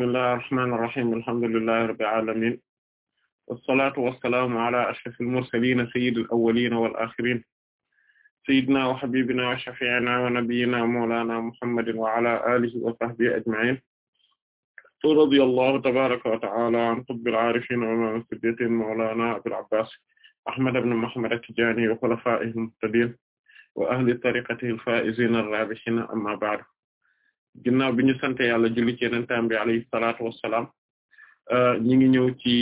bismillahir rahmanir rahim alhamdulillahi rabbil alamin wassalatu wassalamu ala ashrafil mursalin sayyidil awwalin wal akhirin sayyidina wa habibina wa shafi'ina wa nabiyyina mawlana muhammadin wa ala alihi wa sahbihi ajma'in radiyallahu tabaraka wa ta'ala an qutbil arifin wa imam as-siddiqin mawlana abil abbas ahmad ibn muhammad at-tijani wa khulafa'ihim muhtadin wa ahli tariqatihi al-fa'izin ar-rabihin amma ba'du ginnaaw bi ñu sant yàlla julli yénn yenentaan bi alayhi salaatu wassalaam euh, ñi ngi ñëw ci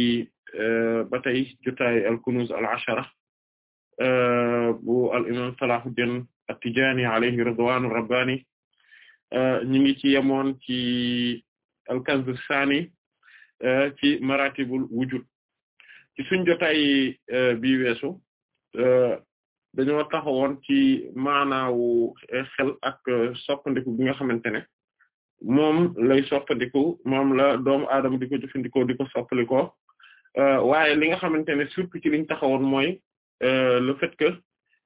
euh, ba tey jotaay al kunuz euh, bu al imam Salahuddin at-Tijani alayhi ridwanu rabbani ñi ngi ci yemoon ci al kanz as-sani ci maratibul wujud ci suñ jotaay bi dañoo taxawoon ci maanaawu xel ak soppandiku bi nga xamante ne moom lay soppandiku moom la doomu aadama di ko jëfandikoo di ko soppalikoo euh, waaye li nga xamante ne surtout ci liñ taxawoon mooy euh, le fait que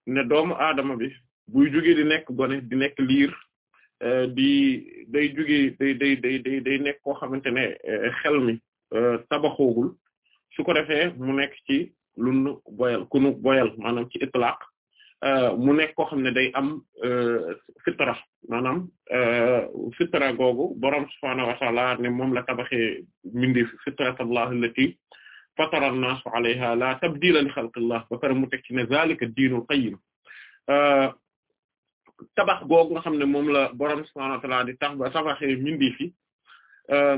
ne doomu aadama bi buy jóge di nekk bone di nekk liir euh, di day jóge day day day day day nekk koo xamante ne xel mi tabaxoogul su ko defee mu nekk ci lunu boyal kunu boyal maanaam ci itlaq Euh, mu nekk koo xam ne day am euh, fitra maanaam euh, fitra googu borom subhaanahu wa ta'aala ne moom la tabaxee mindi fitratallahi la fatara an-naasa 'alayhaa laa tabdiila li ba pare mu teg ci ne zaalika diinul qayyim tabax googu nga xam ne moom la borom subhaanahu wa di tax ba tabaxee mindi fi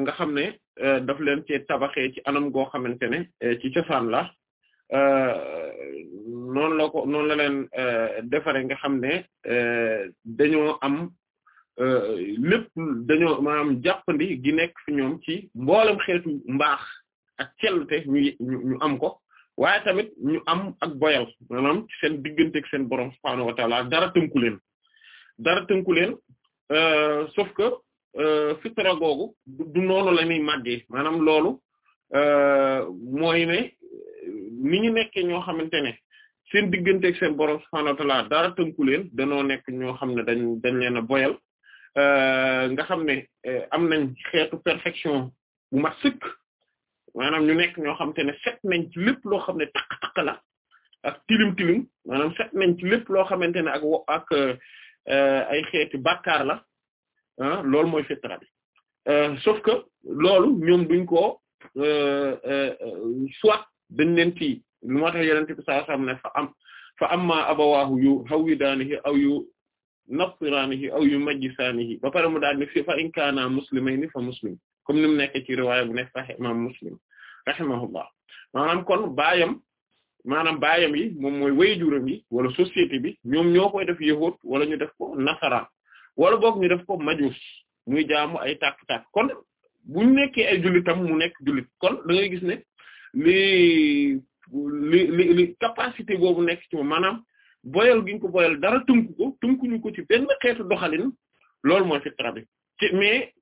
nga xam ne daf leen cee tabaxee ci anam goo xamante ne ci cosaan la Euh, noonu la ko noonu la leen euh, defaree nga xam ne euh, dañoo am lépp dañoo maanaam jàppandi gi nekk fi ñoom ci mboolem xeetu mbaax ak cellte ñu am ko waaye tamit ñu am ak boyal maanaam seen digganteek seen borom subhaanahu wa ta'ala dara tënku leen dara tënku leen sauf que fitra googu du noonu la ñuy màggee maanaam loolu mooy ne ni ñu nekkee ñoo xamante ne seen diggante ak seen borom subhaanahu wa ta'aala dara tënku leen danoo nekk ñoo xam ne dañ dañ leen a boyal euh, nga xam ne euh, am nañ xeetu perfection bu mat sëkk maanaam ñu nekk ñoo xamante ne nañ ci loo xam ne takk-takk la ak tilim tilim maanaam set nañ ci lépp loo xamante ne ak ak euh, ay xeeti bàkkaar la ah loolu mooy fitra bi que loolu ñoom duñ ko soit dañ leen ci lu moo tax yeneen bi sallallahu alayhi wasallam ne fa am fa amma abawaahu yu hawwidaanihi aw yu nasiraanihi aw yu majjisaanihi ba pare mu daal ne fi fa in kaana muslimayni fa muslim comme ni mu nekk ci riwaaya bu nekk sax imaam muslim rahimahullah maanaam kon baayam maanaam baayam yi moom mooy wayjuram yi wala société bi ñoom ñoo koy def yahuud wala ñu def ko nasaraan wala boog ñu def ko majuus muy jaamu ay tàkk-tàkk kon bu ñu ay jullitam mu nekk jullit kon da ngay gis ne li li li capacité boobu nekk ci moom maanaam boyal gi ñu ko boyal dara tunk ko tunkuñu ko ci benn xeetu doxalin loolu mooy fitra bi mais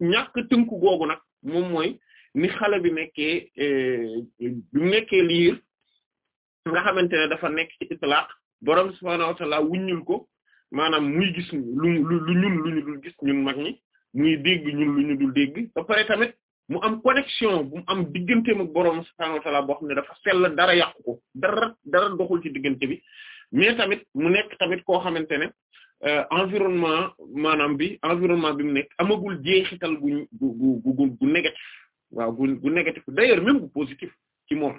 ñàkk tunk googu nag moom mooy ni xale bi nekkee eh, bi mu nekkee liir nga xamante ne dafa nekk ci itlaq borom subhaanahu wa ta'ala ko maanaam muy gis lu lu ñun lu ñu ñun mag ñi muy dégg ñun lu ñu dul dégg ba pare tamit mu am connexion bu mu am digganteem ak borom subhaanahu wa boo xam ne dafa sell dara yàqu ko dara dara doxul ci diggante bi mais tamit mu nekk tamit koo xamante ne euh, environnement maanaam bi environnement bi mu nekk amagul jeexital gu gu gu gu négatif waaw gu gu négatif d'ailleurs même bu positif ci moom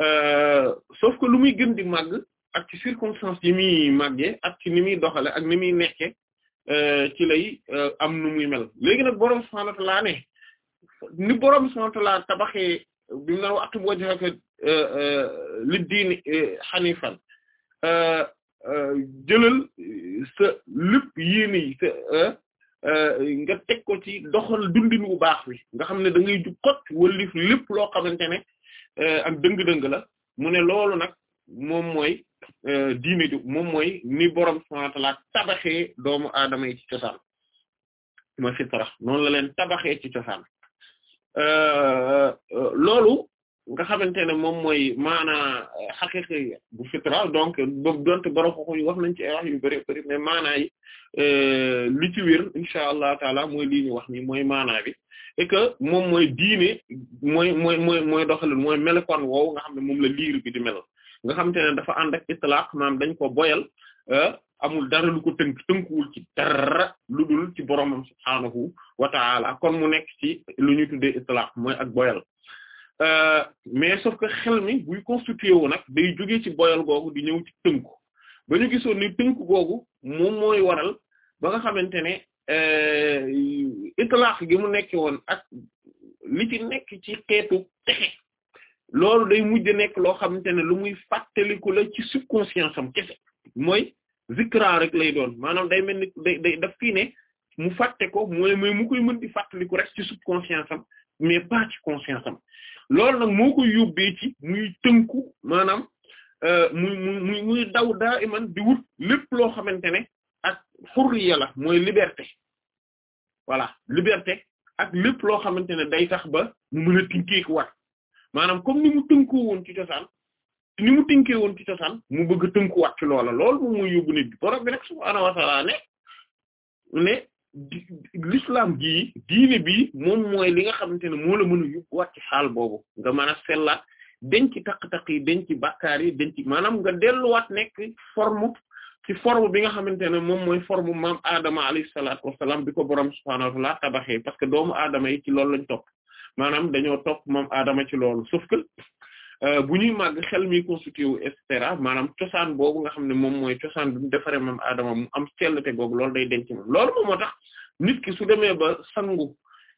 euh, sauf que lu muy gën di màgg ak ci circonstances yi muy màggee ak ci ni muy doxale ak ni muy nekke nekkee euh, ci lay am nu muy mel léegi nag borom subhaanahu wa ni borom subhanahu wa ta'ala tabaxee bi mu naan aqim wajhaka li diini euh, hanifan euh, euh, jëlal sa lépp yéene sa nga teg ko ci doxal dundin wu baax wi nga xam ne dangay ngay jub kot wallif lépp loo xamante ne ak dëng-dëng la mu ne loolu nag moom mooy diine ju moom mooy ni borom subhanahu wa tabaxee doomu aadama yi ci cosaan mooy fitra noonu la leen tabaxee ci cosaan Euh, euh, loolu nga xamante ne moom mooy maanaa euh, xaqiqa bu fitra donc boobu donte borom xoxo wax nañ ci ay wax yu bëri bëri mais maanaa yi li ci wér incha allah taala mooy lii ñu wax nii mooy maanaa bi et que moom mooy diine mooy mooy mooy mooy doxalin mooy melokaan woowu nga xam ne moom la liir bi di mel nga xamante ne dafa ànd ak itlaq dañ ko boyal amul dara lu ko tënk tënkuwul ci dara lu dul ci boromam subhaanahu wa kon mu nekk ci lu ñuy tuddee itlaq mooy ak boyal euh, mais sauf que xel mi buy constitué wu nag day jógee ci boyal googu di ñëw ci tënku ba ñu gisoon ni tënku googu moom mooy waral ba nga xamante ne euh, itlaq gi mu nekk woon ak li ci nekk ci xeetu texe loolu day mujj nekk loo xamante ne lu muy fàttaliku la ci subconscience am kese mooy zikra rek lay doon maanaam day mel ni day day daf mu fàtte ko mooy mooy mu koy mën di fàttaliku rek ci subconscience am mais pas ci conscience am nag moo koy yóbbee ci muy tënku maanaam euh, muy muy muy daw daa iman di wut lépp loo xamante ne ak xurriya la mooy liberté voilà liberté ak lépp loo xamante ne day tax ba mu mën a tinkeeku wat maanaam comme ni mu tënkoo woon ci cosaan ni mu woon ci cosaan mu bëgg tënkuwaat ci loola lool moom mooy yóbbu nit bi borom bi nag subhaanahu wa ne ne l'islam gii diine bii moom mooy li nga xamante ne moo la mën a yóbbuwaat ci xaal boobu nga mën a sellaat denc taq-taq yi denc bàkkaar yi denc maanaam nga delluwaat nekk forme ci forme bi nga xamante ne moom mooy forme maam Adama alayhi salaatu wassalaam bi ko borom subhaanahu wa ta'ala tabaxee parce que doomu Adama yi ci loolu lañ topp maanam dañoo topp maam Adama ci loolu Euh, bu ñuy màgg xel mi constitué wu et maanaam cosaan boobu nga xam ne moom mooy cosaan bi defaree moom aadama mu am cellte googu loolu day denc moom loolu moom moo tax nit su demee ba sangu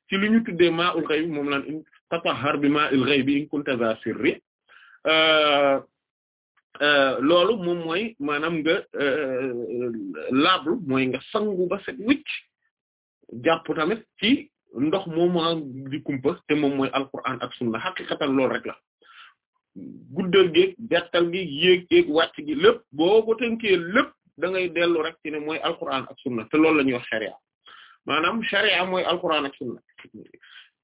ci li ñu tuddee maa moom laan in bi maa ul xëy bi in kunta euh, euh, loolu moom mooy maanaam nga laablu mooy nga sangu ba set wicc jàpp tamit ci ndox moom moo di kumpa te moom mooy alquran ak sunna xaqiqatan loolu rek la guddal géeg bettal gi yéeg yéeg wàcc gi lépp boo ko tënkee lépp da ngay dellu rek ci ne mooy alquran ak na te loolu la ñuy wax sharia maanaam sharia mooy alquran ak sunna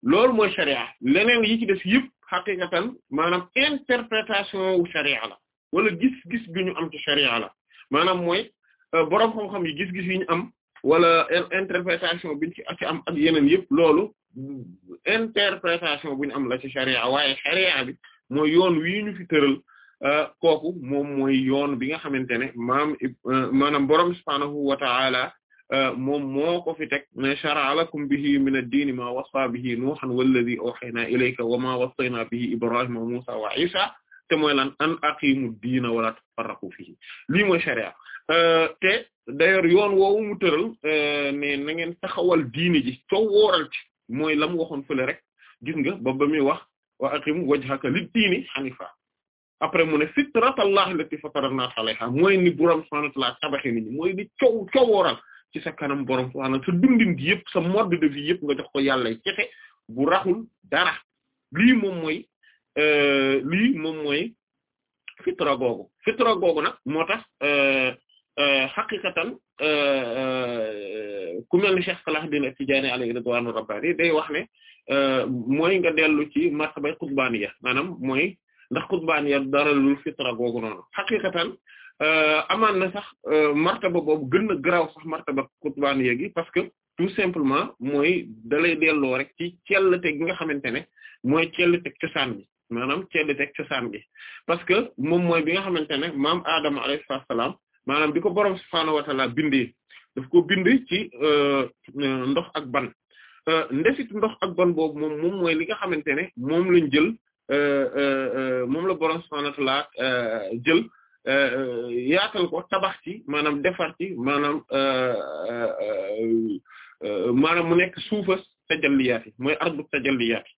loolu mooy sharia leneen yi ci def yëpp xaqiqatan maanaam interprétation wu sharia la wala gis-gis ñu am ci sharia la maanaam mooy euh, boroom xam-xam yi gis-gis yi ñu am wala interprétation biñ ci ci am ak yeneen yëpp loolu interprétation bu ñu am la ci sharia waaye sharia bi mooy yoon wii ñu fi tëral euh, kooku moom mooy yoon bi nga xamante ne maam euh, maanaam borom subhaanahu wa ta'ala euh, moom moo ko fi teg ne shara'a lakum bihi min ad-diini ma wasa bihi nuuhan walladhi awhaynaa ilayka wa ma wasaynaa bihi ibrahima wa muusa wa isa te mooy lan an aqimu diina wala tafarraqu fihi lii mooy sharia te d'ailleurs yoon woowu mu tëral ne na ngeen taxawal diini ji soo wooral ci mooy la mu waxoon fële rek gis nga ba ba muy wax wa aqim wajhaka lid-diini hanifa après mu ne fitratallahi la fatara an-nas alayha mooy ni borom subhanahu wa ta'ala tabaxe nit ñi ni coow coowooral ci sa kanam borom subhanahu sa dundin yëpp sa mode de vie yëpp nga jox ko yàlla cexe bu raxul dara lii moom mooy euh, lii moom mooy fitra googu fitra googu nag moo tax euh, euh, xaqiqatan ku mel ni Cheikh Salahuddin At-Tidjânî alayhi ridwanu rabbani day wax ne Euh, mooy nga dellu ci martabay qutbaniya maanaam mooy ndax qutbaniya dara lu fitra googu noonu xaqiqatan euh, amaan na sax euh, martaba boobu gën a garaaw sax martaba qutbaniya gi parce que tout simplement mooy dalay delloo rek ci cellate gi nga xamante ne mooy cellateg cosaan gi maanaam cellateg cosaan gi parce que moom mooy bi nga xamante ne maam Adama alayhi salaam maanaam di ko boroom subhaanahu wa ta'ala bindee daf ko bind ci ndox ak ban Euh, ndefit ndox ak bon boobu moom moom mooy li nga xamante ne moom lañ jël euh, euh, moom la borom subhaanahu wa ta'aala jël yaatal ko tabax ci maanaam defar ci maanaam maanaam mu nekk suufas tajalliyaat yi mooy ardu tajalliyaat yi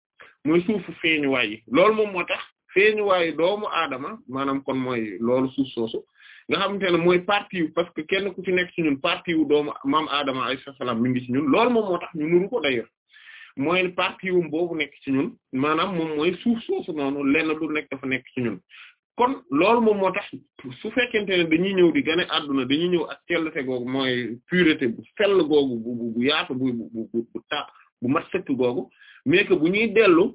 mooy suufu feeñuwaay yi loolu moom moo tax feeñuwaayu doomu aadama maanaam kon mooy loolu suuf soosu nga xamante ne mooy partie parce que kenn ku ci nekk ci ñun partie wu doomu maam Adama alayhi salaam mi ngi ci ñun loolu moom moo tax ñu nuru ko d'ailleurs mooy partie wu boobu nekk ci ñun maanaam moom mooy suuf soosu noonu lenn lu nekk dafa nekk ci ñun. kon loolu moom moo tax su fekkente ne dañuy ñëw di gane àdduna dañuy ñëw ak sellate googu mooy pureté bu sell googu bu bu yaatu bu bu bu ta bu mat sëkk googu mais bu ñuy dellu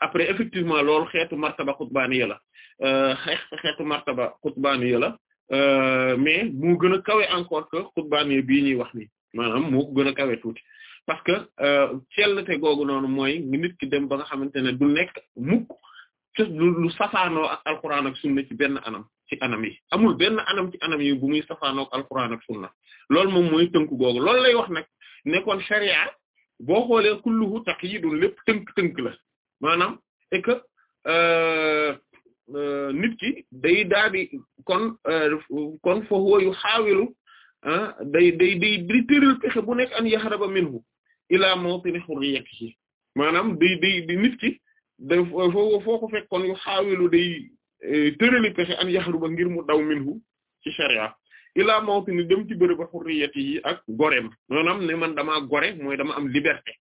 après effectivement loolu xeetu martaba xutbaani la Euh, xeetu martaba xutbaaniya la euh, mais mu gën a kawe encore que xutbaaniya bii ñuy wax nii maanaam moo gën a kawe tuuti parce que cellte euh, googu noonu mooy nit ki dem ba nga xamante ne du nekk mukk lu safaanoo ak alxuraan ak sunna ci benn anam ci anam yi amul benn anam ci anam yi bu muy safaanoo ak alxuraan ak sunna loolu moom mooy tënku googu loolu lay wax nag nekkoon sharia boo xoolee kulluhu taqyidun lépp tënk-tënk la maanaam et que Euh, nit ki day daadi kon euh, kon fa huwa yu xaawilu ah, day day day di tëral pexe bu nekk an yaxraba minhu ilaa mawtini hurriyatihi maanaam day day di nit ki da foo foo ko fekk kon yu xaawilu day eh, tërali pexe an yaxraba ngir mu daw minhu ci sharia ilaa mawtini dem ci bërëb hurriyatihi ak goreem maanaam ne man dama gore mooy dama am liberté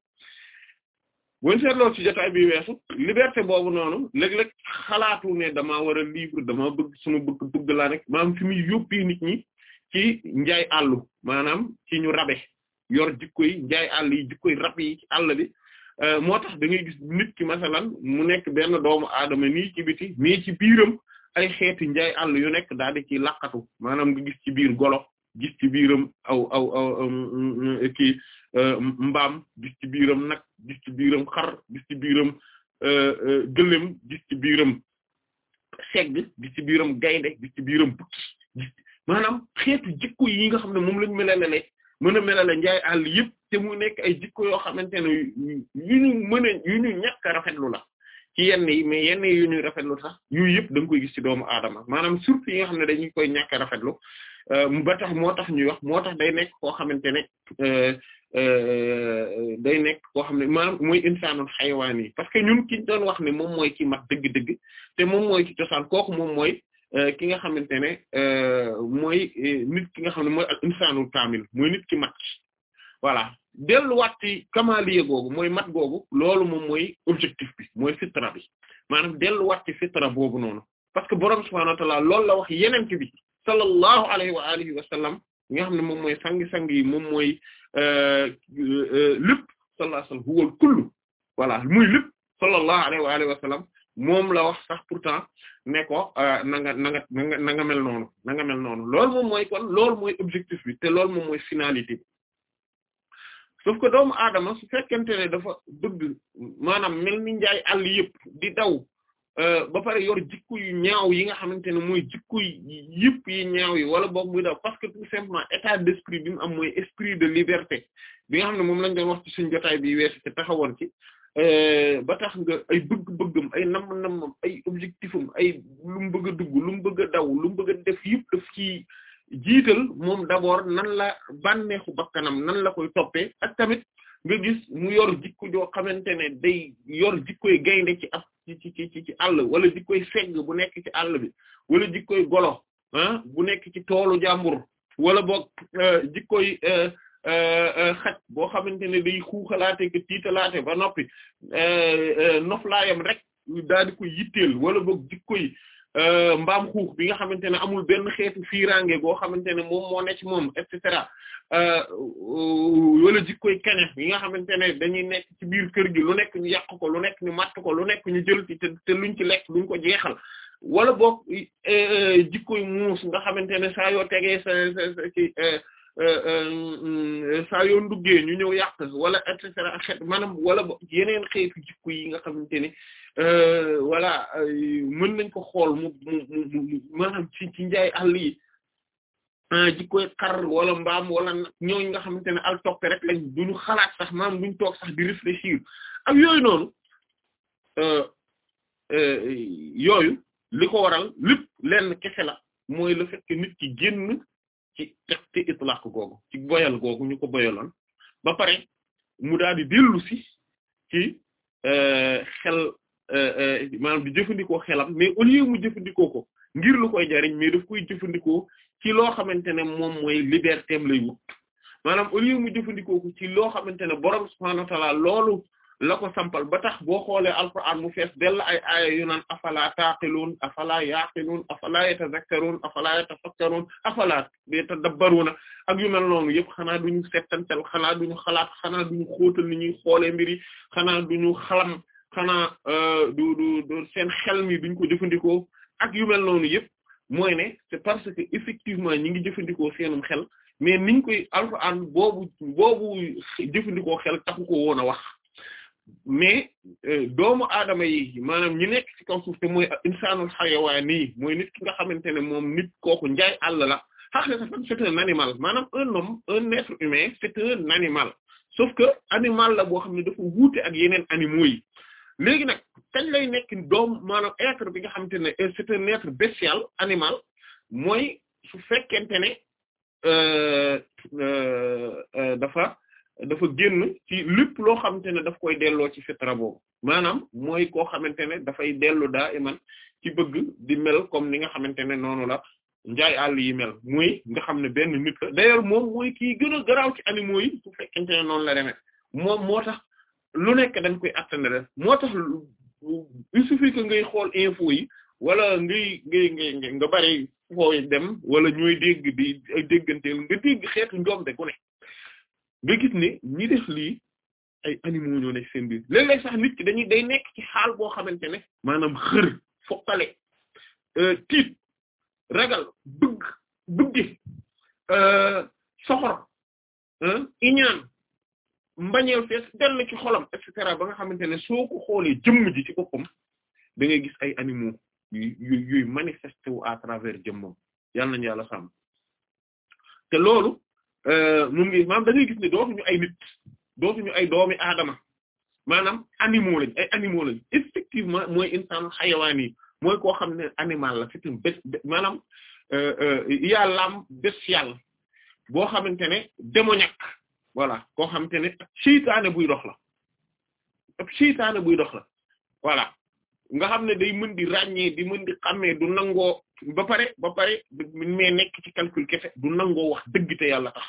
buñ seetloo ci jotaay bi weesu liberté boobu noonu léeg-léeg xalaatu ne dama war a libre damaa bëgg suma bëgg bëgg laa rek maanaam fi muy yóbbee nit ñi ci njaay àllu maanaam ci ñu rabe yor jikko yi njaay àll yi jikko yi rab yi ci àll bi euh, moo tax dangay gis nit ki masalan mu nekk benn doomu aadama ni ci biti nii ci biiram ay xeeti njaay àll yu nekk daal di ciy laqatu maanaam nga gis ci biir golo gis ci biiram aw aw aw euh, mbaam gis ci biiram nag gis ci biiram xar gis ci biiram euh, euh, gëléem gis ci biiram segg gis ci biiram gaynde gis ci biiram bukki gis maanaam xeetu jikko yi nga xam ne moom lañ melalale mën a melale njaay àll yëpp te mu nekk ay jikko yoo xamante ne yu ñu mën a yu ñu ñàkk a rafetlu la ci yenn yi mais yi yu ñuy rafetlu sax yooyu yëpp da nga koy gis ci doomu aadama maanaam surtout yi nga xam ne dañuy koy ñàkk a rafetlu Euh, ba tax moo tax ñuy wax moo tax day nekk koo xamante ne euh, euh, day nekk koo xam ne maanaam mooy insaanul xayawaan yi parce que ñun ki doon wax ne moom mooy ki mat dëgg-dëgg te moom mooy ci cosaan kooku moom mooy ki nga xamante ne mooy nit ki nga xam ne mooy al insaanul kaamil mooy nit ki mat voilà delluwaat ci kamaaliye googu mooy mat googu loolu moom mooy objectif bi mooy fitra bi maanaam delluwaat ci fitra boobu noonu parce que borom subhaanahu wa la wax yeneen ki bi sallallahu alayhi wa alihi wa sallam mi nga xam ne moom mooy sangi-sang yi moom mooy euh, euh, euh, lépp sallallahu alayhi wa sallam huwal kullu voilà muy lépp sallallahu alayhi wa alihi wa sallam moom la wax sax pourtant ne ko na nga na nga na nga na nga mel noonu na nga mel noonu loolu mooy kon loolu mooy objectif bi te loolu moom mooy finalité bi sauf que doomu aadama su fekkente dafa bëgg maanaam mel ni njaay àll yëpp di daw Euh, ba pare yor jikko yu ñaaw yi nga xamante ne mooy jikko yëpp yi ñaaw yi wala boog muy daw parce que tout simplement état d'esprit bi mu am mooy esprit de liberté bi nga xam ne moom lañ doon wax ci suñ jotaay bi weesu te taxawoon ci euh, ba tax nga ay bëgg-bëggam ay nam nammam ay objectifam ay lu mu bëgg dugg lu mu bëgg a daw lu mu bëgg a def yëpp daf ci jiital moom d'abord nan la bànneexu bakkanam nan la koy toppee ak tamit nga gis mu yor jikko joo xamante ne day yor jikkoy gaynde ci ab ci ci ci ci àll wala koy segg bu nekk ci àll bi wala jikkoy golo ah bu nekk ci toolu jàmbur wala boog jikkoy euh, euh, euh, xaj boo xamante ne day xuuxalaate ke tiitalaate ba noppi noflaayam rek daal di koy yitteel wala boog jikkoy Euh, mbaam xuux bi nga xamante ne amul benn xeetu fiiraange goo xamante ne moom moo ne ci moom et cetera euh, euh, wala jikkoy kene yi nga xamante ne dañuy nekk ci biir kër gi lu nekk ñu yàq ko lu nekk ñu matt ko lu nekk ñu jël ci te te luñ ci lekk luñ ko jeexal wala boog jikkoy muus nga xamante ne saa yoo tegee sa sa ci mm, saa yoo nduggee ñu ñëw yàq wala et cetera xeet maanaam wala boog yeneen xeetu jikko yi nga xamante ne Euh, voilà euh, mën nañ ko xool mu mu mu maanaam ci ci njaay àll yi ah, ji koy xar wala mbaam wala ñooñu nga xamante ne al toppe rek lañ duñu xalaat sax maam duñu toog sax di réfléchir ak yooyu noonu euh, yooyu li ko waral lépp lenn kese la mooy la fait que nit ki génn ci ci itlaq googu ci boyal googu ñu ko boyaloon ba pare mu daal di dellu ci xel Euh, euh, maanaam di jëfandikoo xelam mais au lieu mu jëfandikoo ko ngir lu koy jariñ mais daf koy jëfandikoo ci loo xamante ne moom mooy liberté am lay wut maanaam au lieu mu jëfandikoo ko ci loo xamante ne borom subhaanahu wa ta'aala loolu la ko sampal ba tax boo xoolee alquran mu fees dell ay aaya yu naan afala taqilun afala yaqiluun a yatazakkarun afala yatafakkarun afala yatadabbaruna ak yu mel noonu yëpp xanaa duñu settantal xanaa duñu xalaat xanaa duñu ni ñuy xoolee mbir yi xanaa euh, du du du seen xel mi duñ ko jëfandikoo ak yu mel noonu yëpp mooy ne c'est parce que effectivement ñi ngi jëfandikoo seenum xel mais niñ koy alxuraan boobu boobu jëfandikoo xel taxu ko woon a wax mais euh, doomu adama yi maanaam ñi nekk ci kaw suuf te mooy insaanul xayawaani mooy nit ki nga xamante ne moom nit kooku njaay àll la xaqiqatan c'est un animal maanaam un homme un être humain c'est animal sauf que animal la boo xam ne dafa wuute ak yeneen animaux yi léegi nag kañ lay nekk doom maanaam être bi nga xamante ne euh, c'est un être bestial animal mooy su fekkente ne euh, euh, dafa dafa génn ci lépp loo xamante ne daf koy delloo ci fitra boobu maanaam mooy koo xamante ne dafay dellu daa iman ci bëgg di mel comme ni nga xamante ne noonu la njaay àll yi mel muy nga xam ne benn nit la d'ailleurs moom mooy kii gën a garaaw ci animaux yi su fekkente noonu la demee moom moo tax lu nekk dañ koy attendre moo tax il suffit ngay xool info yi wala ngay ngay ngay nga bari fooy dem wala ñooy dégg di ay dégganteel nga dégg xeetu njoom de ku nga gis ne ñi def lii ay animaux ñoo nekk seen biir sax nit ki dañuy day nekk ci xaal boo xamante ne maanaam xër fokkale euh, tiit ragal bëgg bëgge euh, soxor iñaan mbañeel fees dell ci xolam et ba nga xamante ne soo ko xoolee jëmm ji ci boppam da gis ay animaux yu yuy manifesté wu travers jëmmam yàlla nañu yàlla sàmm te loolu euh, moom ngi maanaam da gis ne dootuñu ay nit dootuñu ay doomi aadama maanaam animaux lañ ay animaux lañ effectivement mooy insaan xayawaan yi mooy koo xam ne animal la c'est un bes maanaam euh, euh, yàllaam bestial boo xamante ne démoniaque voilà koo xamante ne seytaane buy dox la ab seytaane buy la voilà nga xam ne day mën di ràññee di mën di xàmmee du nangoo ba pare ba pare mais nekk ci calcul kese du nangoo wax dëgg te yàlla tax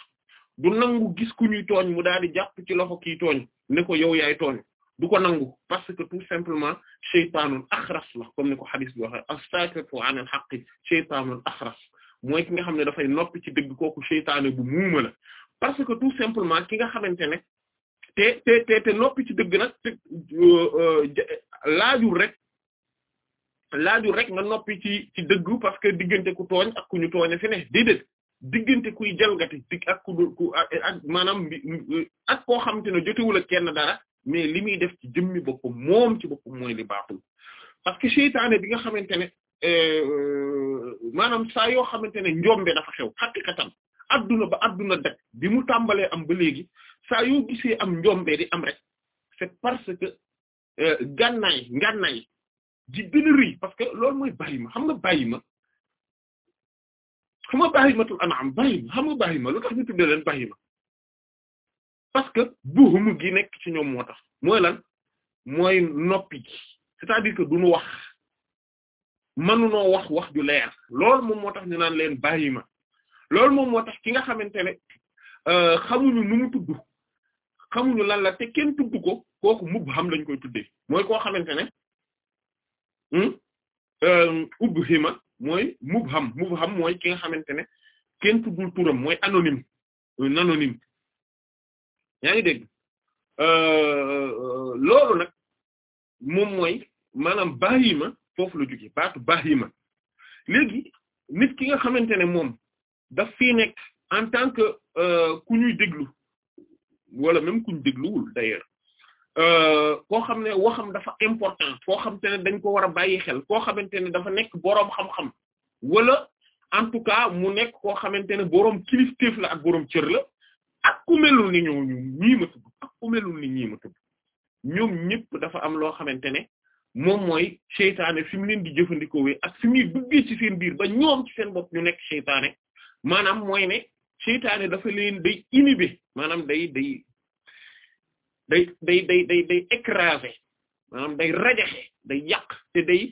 du nangu gis ku ñuy tooñ mu daal di jàpp ci loxo kii tooñ ne ko yow yaay tooñ du ko nangu parce que tout simplement seytaanun axras la comme ni ko xadis bi waxe as-saakitu anil haqqi seytaanun axras mooy ki nga xam ne dafay noppi ci dëgg kooku seytaane bu muuma la parce que tout simplement ki nga xamante ne te te te noppi ci dëgg nag te euh, euh, rek laajul rek nga noppi ci ci dëgg parce que diggante ku tooñ ak ku ñu tooñe fi ne déedéet diggante kuy jalgati dig ak ku ku ak maanaam ak koo xamante ne jotewul ak kenn dara mais li muy def ci jëmmi boppam moom ci boppam mooy li baaxul parce que seytaane bi nga xamante ne euh, maanaam saa yoo xamante ne njombe dafa xew xaqiqatan adduna ba adduna daj bi mu tàmbalee am ba léegi saa yoo gisee am njombee di am rek c'est parce que euh, gànnaay gànnaay di gën a parce que loolu mooy bàyyi ma xam nga bàyyi ma xam nga bàyyi matul anam bàyyi nga bàyyi ma lu tax ñu tuddee leen bàyyi ma parce que buuxum gi nekk ci ñoom moo tax mooy lan mooy noppi c'est-à-dire que duñu wax mënunoo wax wax ju leer lool moom moo tax ñu naan leen bàyyi ma loolu moom moo ki nga xamante ne euh, xamuñu nu mu tudd xamuñu lan la te kenn tudd ko kooku mubham lañ koy tuddee mooy koo xamante ne hmm, euh, ubhima mooy mubham mubham mooy ki nga xamante ne kenn tuddul turam mooy anonyme un anonyme yaa ngi dégg euh, loolu nag moom mooy maanaam bahima foofu la jóge baatu bahima léegi nit ki nga xamante ne moom daf fi nekk en tant que euh, ku ñuy déglu wala même ku ñu dégluwul d'ailleurs euh, koo xam ne xam dafa important koo xam te ne dañ ko war a bàyyi xel koo xamante ne dafa nekk boroom xam-xam wala en tout cas mu nekk koo xamante ne boroom kilifteef la ak borom cër la ak ku melul ni ñooñu ñii ma tudd ak ku melul ni ñii ma ñoom ñëpp dafa am loo xamante ne moom mooy seytaane fi mu leen di jëfandikoo ak fi muy duggee ci seen biir ba ñoom ci seen bopp ñu nekk seytaane maanaam mooy ne seytaane dafa leen day inhiber maanaam day day day day day day day écraser maanaam day rajaxe day yàq te day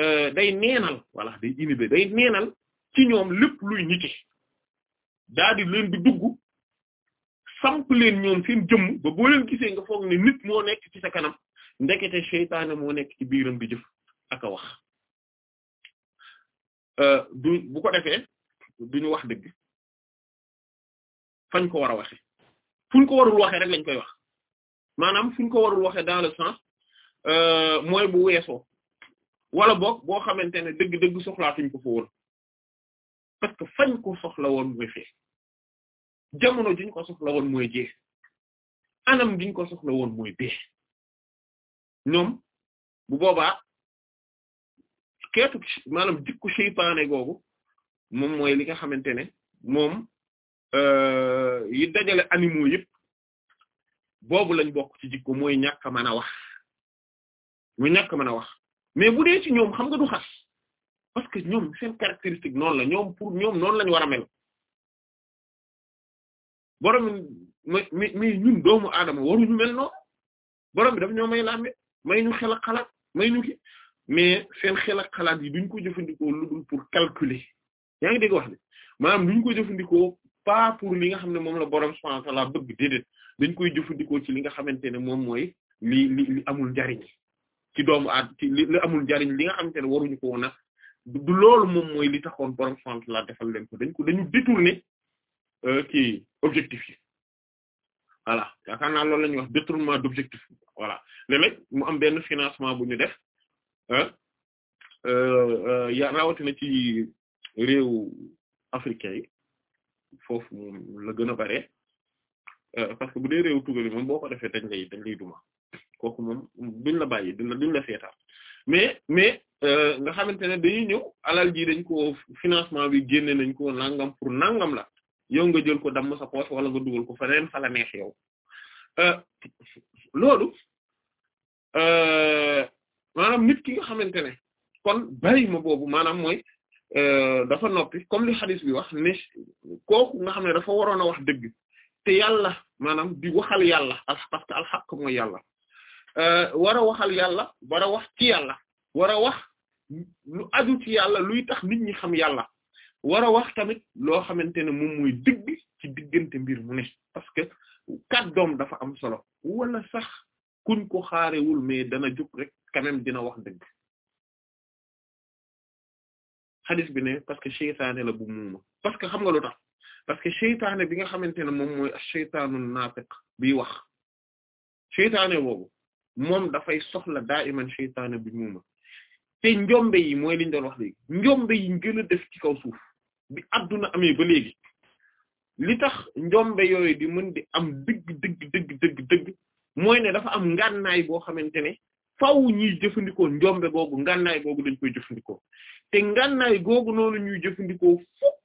euh, day neenal day inhiber day neenal ci ñoom lépp luy nite daal leen di dugg samp leen ñoom seen jëmm ba boo gisee nga foog ne nit moo nekk ci sa kanam ndekete seytaane moo nekk ci biiram di jëf ak a wax euh, du bu ko defee duñu wax dëgg fañ ko war a waxe fuñ ko warul waxe rek lañ koy wax maanaam fuñ ko warul waxe dans le sens euh, mooy bu weeso wala boog boo xamante ne dëgg-dëgg soxlaatuñ ko fa woon parce que ko soxla woon mooy fee jamono juñ ko soxla woon mooy jee anam giñ ko soxla woon mooy bee ñoom bu boobaa keetu maanaam jikku seytaane googu moom mooy li nga xamante ne moom euh, yi dajale animaux yëpp boobu lañ bokk ci jikko mooy ñàkk a wax mooy ñàkk a a wax mais bu dee ci ñoom xam nga du xas parce que ñoom seen caractéristique noonu la ñoom pour ñoom noonu lañ war a mel borom mais mi ñun doomu aadama waruñu mel noonu borom bi daf ñoo may lambe may ñu xel xalaat may ñu ki mais seen xel ak xalaat yi duñ ko jëfandikoo lu dul pour calculer yaa ngi dégg wax ne maanaam ñu koy jëfandikoo pas pour li nga xam ne moom la borom subhaanahu wa ta'aala bëgg déedéet dañ koy jëfandikoo ci li nga xamante ne moom mooy li li amul njariñ ci doomu at li amul njariñ li nga xamante ne waruñu ko woon a du loolu moom mooy li taxoon borom subhaanahu la ta'aala defal leen ko dañ ko dañu détourner euh, kii objectif yi voilà yaakaar naa loolu la ñuy wax détournement d'objectif voilà léeg-léeg mu am benn financement bu ñu def ah euh, euh, yaa rawatina ci réew africain yi foofu moom la gën a bare euh, parce que bu dee réew tugal yi moom boo ko defee da lay dañ lay duma kooku moom duñ la bàyyi duñ la duñ la seetaan mais mais euh, nga xamante ne dañuy ñëw alal ji dañ ko financement bi génne nañ ko nangam pour nangam la yow nga jël ko damm sa poche wala nga dugal ko feneen fa la neex yow euh, loolu maanaam nit ki nga xamante ne kon bàyyi ma boobu maanaam mooy Euh, dafa noppi comme li xadis bi wax ne kooku nga xam ne dafa waroon a wax dëgg te yàlla maanaam di waxal yàlla parce que alxaq mooy yàlla euh, war a waxal yàlla war a wax ci yàlla war a wax lu aju ci yàlla luy tax nit ñi xam yàlla war a wax tamit loo xamante ne moom mooy dëgg ci diggante mbir mu ne parce que doom dafa am solo wala sax kuñ ko xaarewul mais dana jóg rek quand même dina wax dëgg xadis bi ne parce que seytaane la bu muuma parce que xam nga lu tax parce que seytaane bi nga xamante ne moom mooy seytaanu naafiq biy wax seytaane boobu moom dafay soxla daa iman seytaane bu muuma te njombe yi mooy liñ doon wax léegi njombe yi gën a def ci kaw suuf bi adduna amee ba léegi li tax njombe yooyu di mën di am dëgg dëgg dëgg dëgg mooy ne dafa am ngànnaay boo xamante ne faw ñuy jëfandikoo njombe googu ngànnaay googu dañ koy jëfandikoo te ngànnaay googu noonu ñuy jëfandikoo fukk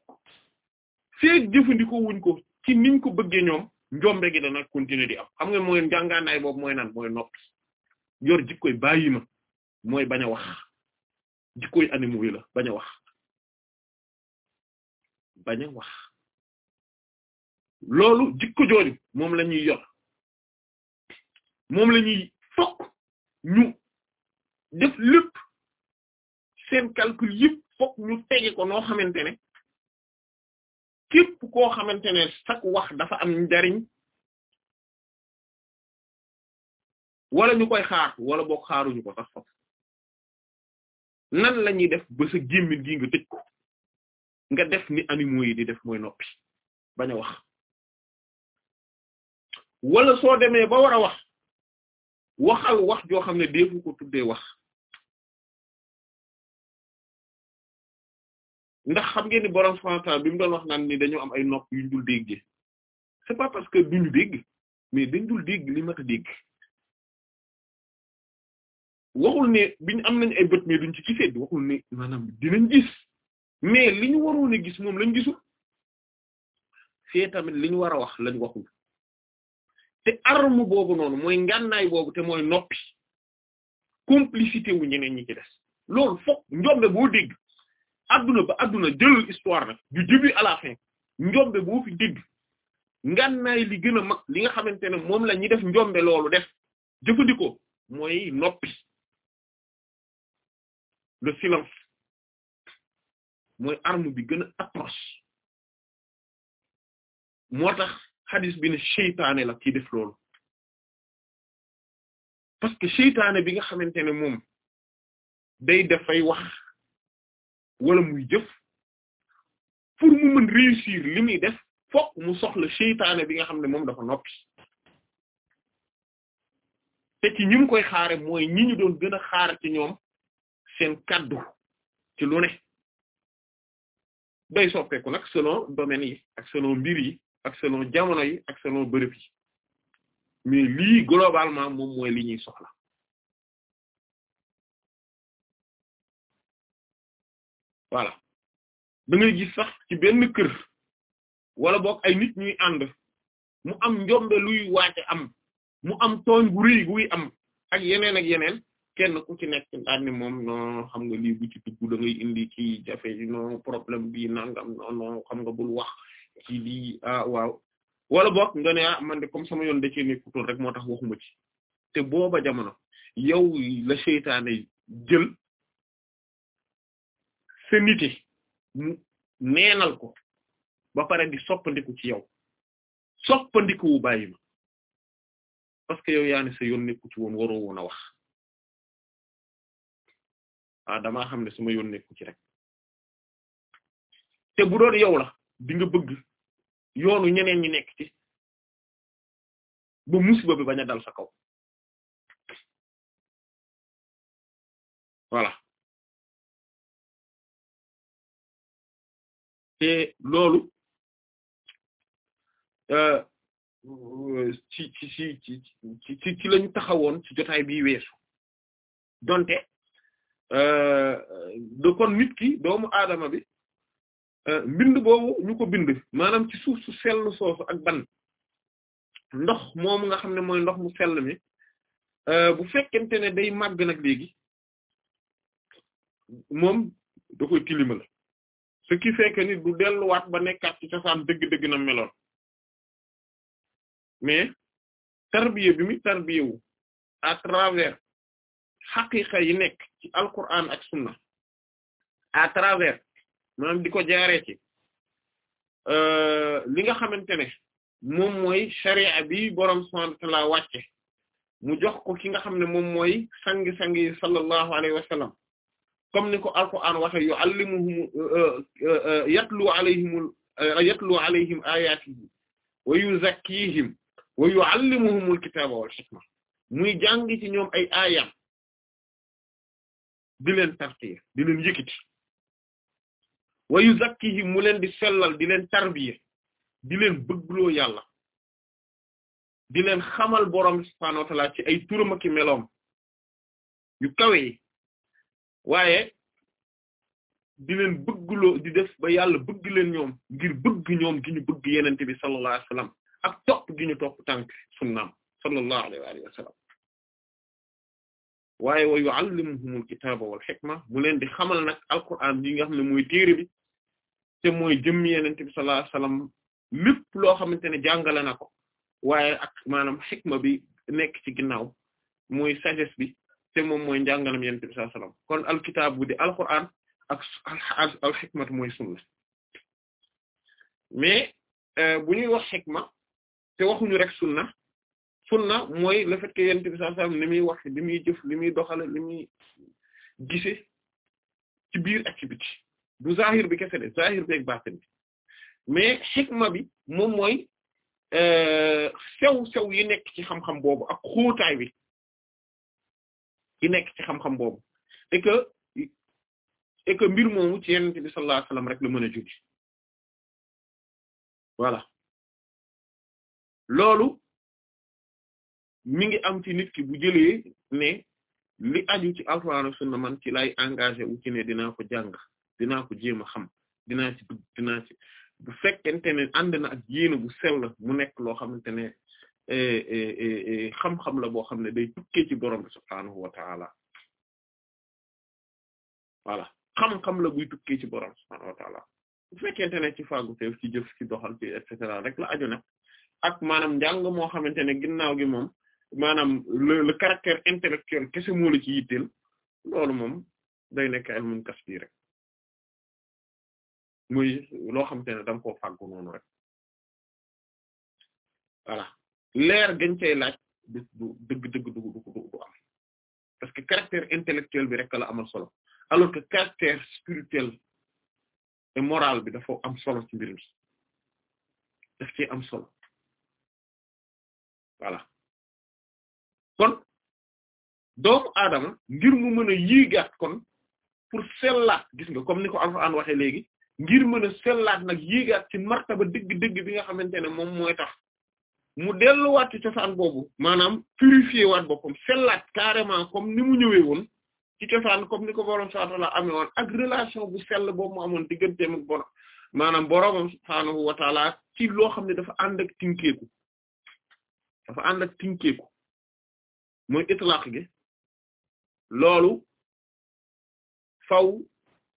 feek jëfandikoo wuñ ko ci niñ ko bëggee ñoom njombe gi dana continuer di am xam nga mooy njàngaanaay boobu mooy nan mooy noppi yor jikkoy bàyyi ma mooy bañ a wax jikkoy animaux yi la bañ a wax bañ a wax loolu jikko moom la ñuy yor moom la ñuy ñu def lépp seen calcul yëpp fokk ñu tege ko noo xamante ne képp koo xamante ne sax wax dafa am njariñ wala ñu koy xaar wala boog xaaruñu ko sax sax nan la def ba sa gémmiñ gi nga tëj ko nga def ni animaux yi di def mooy noppi bañ a wax wala soo demee ba war a wax waxal wax joo xam ne deefu ko tuddee wax ndax xam ngeen ni borom subhaanahu bi mu doon wax naan ni dañoo am ay nopp yu dul dégg c'est pas parce que duñu dégg mais dañ dul dégg li mat a waxul ne biñ am nañ ay bët mais duñ ci gisee waxul ne maanaam dinañ gis mais li ñu gis moom lañ gisul fee tamit li ñu war a wax lañ waxul te arme boobu noonu mooy ngànnaay boobu te mooy noppi complicité wu ñeneen ñi ci des loolu foog njombe boo dégg adduna ba adduna jëlal histoire nag du début à la fin njombe boo fi dégg ngànnaay li gën a mag li nga xamante ne moom la ñi def njombe loolu def jëfandikoo mooy noppi le silence mooy arme bi gën a atroce moo tax xadis bi ne seytaane la ci def loolu parce que seytaane bi nga xamante ne moom day dafay wax wala muy jëf pour mu mën réussir li def fokk mu soxla seytaane bi nga xam ne moom dafa noppi te ci ñi koy xaare mooy ñi ñu doon gën a xaaral ci ñoom seen kaddu ci lu ne day soppeeku nag selon domaine yi ak selon mbir yi ak seno jamono yi ak seno bërëb yi mais lii globalement moom mooy li ñuy soxla voilà da ngay gis sax ci benn kër wala boog ay nit ñuy ànd mu am njombe luy waate am mu am tooñ gu rëy guy am ak yeneen ak yeneen kenn ku ci nekk daan ni moom non xam nga lii bu ci dugg da indi ci jafe yi problème bii nangam non non xam nga bul wax ci ah, waaw wala boog nga ne ah man de comme sama yoon da cee nekkutul rek moo tax waxuma ci te booba jamono yow la seytaane jël sa nite mu neenal ko ba pare di soppandiku ci yow soppandiku wu bàyyi parce que yow yaa sa yoon nekku ci woon waroo woon a wax ah damaa xam ne sama yoon nekku ci rek te bu doon yow la di nga bëgg yoonu ñeneen ñi nekk ci ba musiba bi bañ a dal sa kaw voilà te loolu euh, ci ci ci ci ci lañu taxawoon ci jotaay bi weesu donte euh, de kon nit ki doomu aadama bi Euh, bind boobu ñu ko bind maanaam ci suuf su sell soosu ak ban ndox moom nga xam ne mooy ndox mu sell mi euh, bu fekkente ne day màgg nag léegi moom da koy tilimal ce qui fait du delluwaat ba nekkaat ci cosaan dëgg-dëgg na meloon mais tarbiya bi mi tarbiya à travers xaqiqa yi nekk ci alquran ak sunna à travers maanaam di ko jaaree ci euh, li nga xamante ne moom mooy sharia bi borom subhaanahu wa mu jox ko ki nga xam ne moom mooy sang-sang yi sallallahu alayhi wa sallam comme ni ko alquran waxe yu'allimuhum euh, euh, yatlu alayhim yatlu alayhim ayatihi wa yuzakkihim wa yu'allimuhumul kitaba wal hikma muy jàng ci ñoom ay aayam di leen tartiya di leen wa yuzakkihim mu leen di sellal di leen tarbiya di leen bëggloo yàlla di leen xamal boroom subhaanahu wa ta'aala ci ay turam ak meloom yu kawe waaye di leen bëgguloo di def ba yàlla bëgg leen ñoom ngir bëgg ñoom gi ñu bëgg yenente bi sallallahu alayhi wa sallam ak topp gi ñu topp tànk sunnaam sallallahu alayhi wa sallam waaye wa yu'allimuhumul kitaaba wal hikma mu leen di xamal nag alquran yi nga xam ne mooy téere bi te mooy jëmm yeneen bi sallallahu alayhi wasallam lépp loo xamante ne jàngale na ko waaye ak maanaam xikma bi nekk ci ginnaaw mooy sagesse bi te moom mooy njàngalam yeneen bi sallallahu kon alkitaab bu di alquran ak al al xikmatu mooy sunna mais euh, bu ñuy wax xikma te waxuñu rek sunna sunna mooy le fait que yeneen bi sallallahu alayhi li muy wax li muy jëf li muy doxale li muy gise ci biir ak du zahir bi kese de zahir bi ba baatin bi mais xikma bi moom mooy euh, sew sew yi nekk ci xam-xam boobu ak xóotaay bi ki nekk ci xam-xam boobu et mbir moomu ci yonent bi sallallahu alayhi rek la mën a jóge voilà loolu mi ngi am ci nit ki bu jëlee ne li aju ci alxuraan ak sunna man ci lay engagé wu ci ne dinaa ko jàng dinaa ko jéem a xam dinaa ci dugg dinaa ci bu fekkente ne ànd na ak yéene bu sell mu nekk loo xamante ne eh, eh, eh, xam-xam la boo xam ne day tukkee ci borom bi subhaanahu wa xam-xam la buy tukkee ci borom subhaanahu wa taala bu fekkente ne ci faagu teew ci jëf ci doxal ci et cetera rek la aju nag ak maanaam njàng moo xamante ne ginnaaw gi moom maanaam le le caractère intellectuel kese moo la ci yitteel loolu moom day nekk ilmun kasbi rek muy loo xamante ne da nga koo fàggu noonu rek voilà leer gañ cay laaj du du dëgg dëgg du du du am parce que caractère intellectuel bi rek la amal solo alors que caractère spirituel et moral bi dafa am solo ci mbir mi daf ci am solo voilà kon doomu aadama ngir mu mën a yiigaat kon pour sellaat gis nga comme ni ko Alxuraan waxee léegi ngir mën a sellaat nag yéegaat ci ba dëgg-dëgg bi nga xamante ne moom mooy tax mu delluwaat ci cosaan boobu maanaam purifier waat boppam sellaat carrément comme ni mu ñëwee woon ci cosaan comme ni ko boroom subhaanahu wa ta'aala woon ak relation bu sell boobu mu amoon digganteem ak borom maanaam boroomam subhaanahu wa ta'aala ci loo xam ne dafa ànd ak tinkeeku dafa ànd ak tinkeeku mooy itlaq gi loolu faw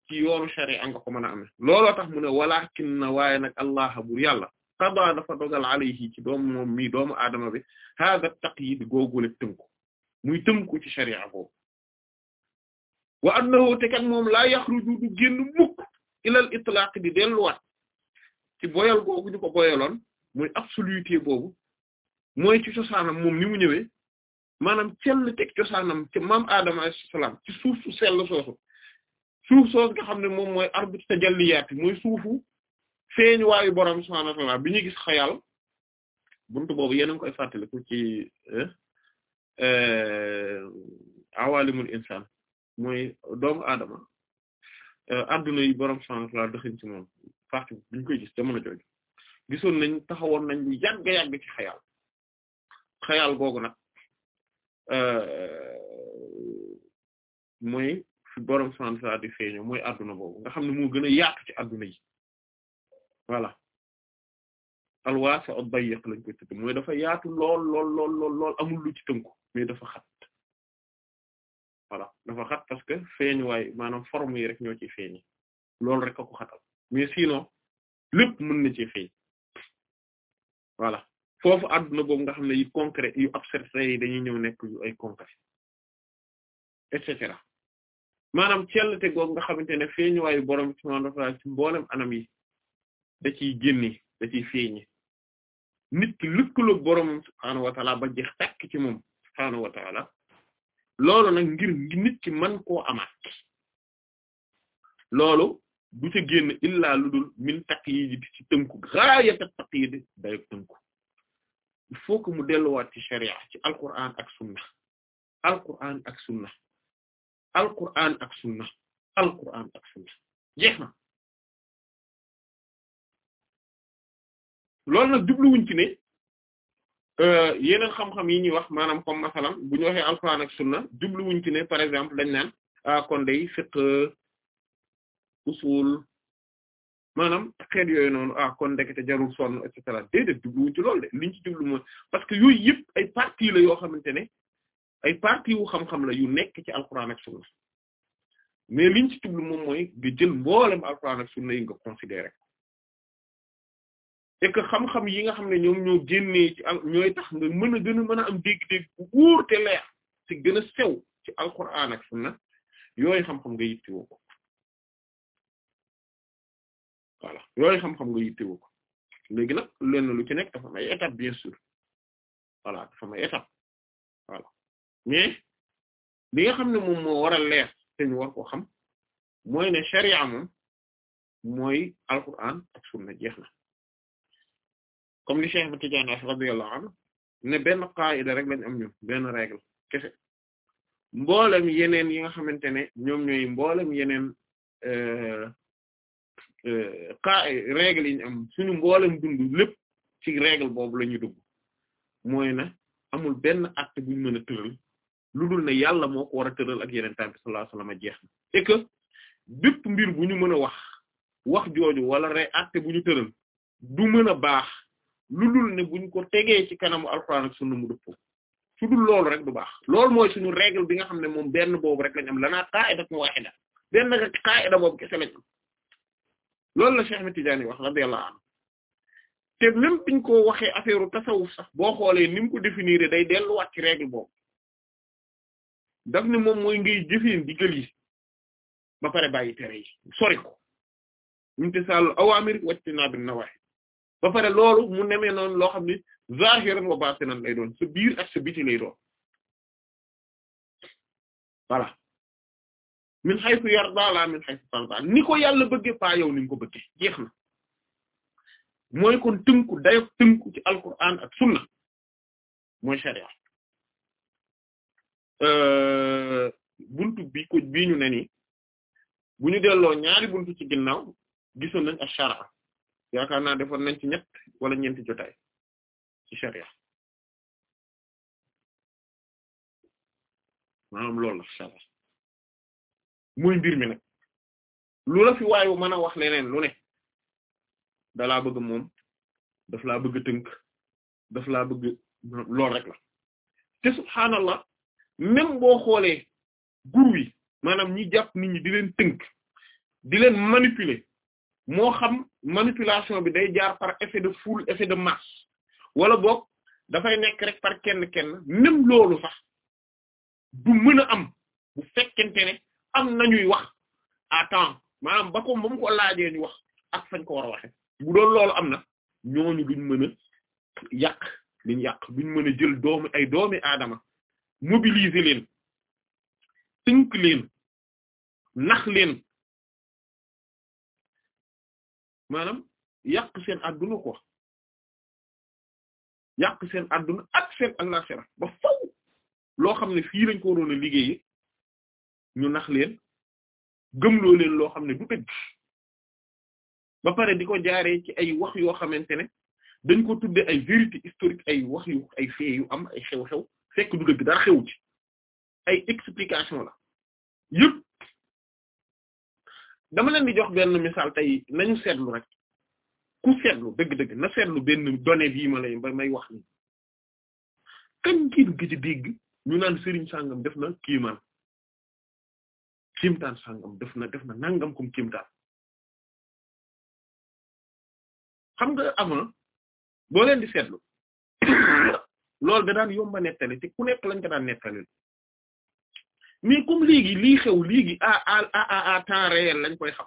ci yoonu sharia nga ko mën a amee looloo tax mu ne walakin na waaye nag allah buur yàlla qada dafa dogal alayhi ci doomu moom mii doomu aadama bi hada taqyid googule tënku muy tënku ci sharia boobu wa annahu te kat moom laa yaxruju du génn mukk ilal itlaq di delluwaat ci boyal googu ñu ko boyaloon muy absoluité boobu mooy ci cosaanam moom ni mu ñëwee maanaam cell teg cosaanam ci maam aadama alayhi salaam ci suuf sell soosu suuf soos nga xam ne moom mooy ardu tajalliyaat yi mooy suufu feeñu waayu borom subhaanahu wa ta'aala bi ñuy gis xayal buntu boobu yéen a ngi koy fàttaliku ci eh, eh, awaalimul insaan mooy doomu aadama eh, adduna yi borom subhaanahu wa doxin ci moom partie bi ñu koy gis jamono jooju gisoon nañ taxawoon nañ lu yàgg yàgg ci xayal xayal googu nag mooy. fi borom subhaanahu wa di feeñoo mooy adduna boobu nga xam ne moo gën a yaatu ci adduna yi voilà alwaasi'u ad-dayiq lañ koy tudd mooy dafa yaatu lool lool lool lool amul lu ci tënku mais dafa xat voilà dafa xat parce que feeñuwaay maanaam forme yi rek ñoo ciy feeñi loolu rek a ko xatal mais sinon lépp mën na ci feeñ voilà foofu adduna boobu nga xam ne yu concret yu abstrait yi dañuy ñëw nekk yu ay concret et cetera maanaam cellte goog nga xamante ne feeñuwaayu borom subhaanahu wa ta'aala ci mboolem anam yi da ciy génni da ciy feeñi nit ki lëkkaloog borom subhaanahu wa ba jeex takk ci moom subhaanahu wa loolu nag ngir nit ki mën koo amaat loolu du ca génn illaa lu dul min taqyid ci tënku gaayata taqyid dayo tënku il faut que mu delluwaat ci sharia ci alquran ak sunna alquran ak sunna alquran ak sunna alquran ak sunna na loolu nag jubluwuñ euh, yeneen xam-xam yi ñuy wax maanaam comme masalan bu ñu waxee alquran ak sunna jubluwuñ ci ne par exemple dañ naan ah kon day fiqh usul maanaam xeet yooyu noonu a ah, kon ndekete jarul sonn et cetera déedéet jubluwuñ ci loolu de liñ ci jublu mooy parce que yooyu yëpp ay parties la yoo xamante ne ay partie wu xam-xam la yu nekk ci alquran ak sunna mais liñ ci tublu moom mooy nga jël mboolem alquran ak sunna yi nga considéré et que xam-xam yi nga xam ne ñoom ñoo génnee ci ñooy tax nga mën a gën a mën a am dégg-dégg bu wóor te leer ci gën a sew ci alquran ak sunna yooyu xam-xam nga yittewoo ko voilà yooyu xam-xam nga yittewoo ko léegi nag lenn lu ci nekk dafa am ay bien sûr voilà dafa am ay mais li nga xam ne moom moo waral a leer te ñu war ko xam mooy ne sharia moom mooy alquran ak sunna jeex na comme li Cheikh Tidiane radiyallahu anhu ne benn la rek lañ am ñun benn règle kese mboolem yeneen yi nga xamante ne ñoom ñooy mboolem yeneen euh, euh, qa règle am suñu mboolem dund lépp ci règle boobu la ñuy dugg mooy na amul benn acte buñ mën a lu dul ne yàlla moo ko war a tëral ak yeneen tamit sallallahu alayhi wasallam jeex na et que bépp mbir bu ñu mën a wax wax jooju wala re acte bu ñu tëral du mën a baax lu dul ne buñ ko tegee ci kanamu alxuraan ak sunna mu dëppoo su dul loolu rek du baax lool mooy suñu règle bi nga xam ne moom benn boobu rek lañ am lanaa qaa'idatun waahida benn rek qaa'ida boobu kese lañ am loolu la Cheikh Ahmed Tidiane wax radiyallahu anhu te même biñ ko waxee affaire tasawuf sax boo xoolee ni mu ko définir day delluwaat ci règle boobu daf ne moom mooy ngay jëfee ndigal yi ba pare bàyyi tere yi sori ko imtisaalul awaamir wajtinaabun nawaahi ba pare loolu mu nemee noonu loo xam ne zaahiran wa baatinan lay doon sa biir ak sa lay doon voilà min haythu yarda la min haythu tarda ni ko yàlla bëggee faa yow ni ko bëggee jeex na mooy kon tënku dayo tënku ci alquran ak sunna mooy sharia Euh, buntu bi ko bii ñu ne nii bu ñu delloo ñaari buntu ci ginnaaw gisoon nañ ash-shara yaakaar naa defoon nañ ci ñett wala ñeenti jotaay ci sharia maanaam loolu la shara muy mbir mi nag lu la fi waayu mën a wax leneen lu ne dalaa bëgg moom daf laa bëgg tënk daf laa bëgg loolu rek la te subhaanallah même boo xoolee gur yi maanaam ñi jàpp ni ñi di leen tënk di leen manipuler moo xam manipulation bi day jaar par effet de foule effet de masse wala boog dafay nekk rek par kenn kenn même loolu sax du mën a am bu fekkente ne am nañuy wax à temps maanaam ba ko ba mu ko laajee ñu wax ak fañ ko war a waxe bu doon loolu am na ñooñu duñ mën a yàq liñ yàq duñ mën a jël doomi ay doomi aadama mobiliser leen tënk leen nax leen maanaam yàq seen adduna ko yàq seen adduna ak seen àllaxira ba faw loo xam ne fii lañ ko waroon a ñu nax leen gëmloo leen loo xam ne du dëgg ba pare di ko jaaree ci ay wax yoo xamante ne dañ ko tudde ay vérité historique ay wax yu ay fee yu am ay xew-xew fekk du dëgg dara xewu ci ay explication la yëpp dama leen di jox benn misaal tey nañu seetlu rek ku seetlu dëgg-dëgg na seetlu benn donnée bii ma lay may wax ni kan gi ci dégg ñu naan sëriñ sàngam def na kiimaan kiimtaan sàngam def na def na nangam comme kiimtaan xam nga avant boo leen di seetlu loolu da daan yomba nettali te ku nekk lañ ko daan nettali mais comme léegi lii xew léegi à à à temps réel lañ koy xam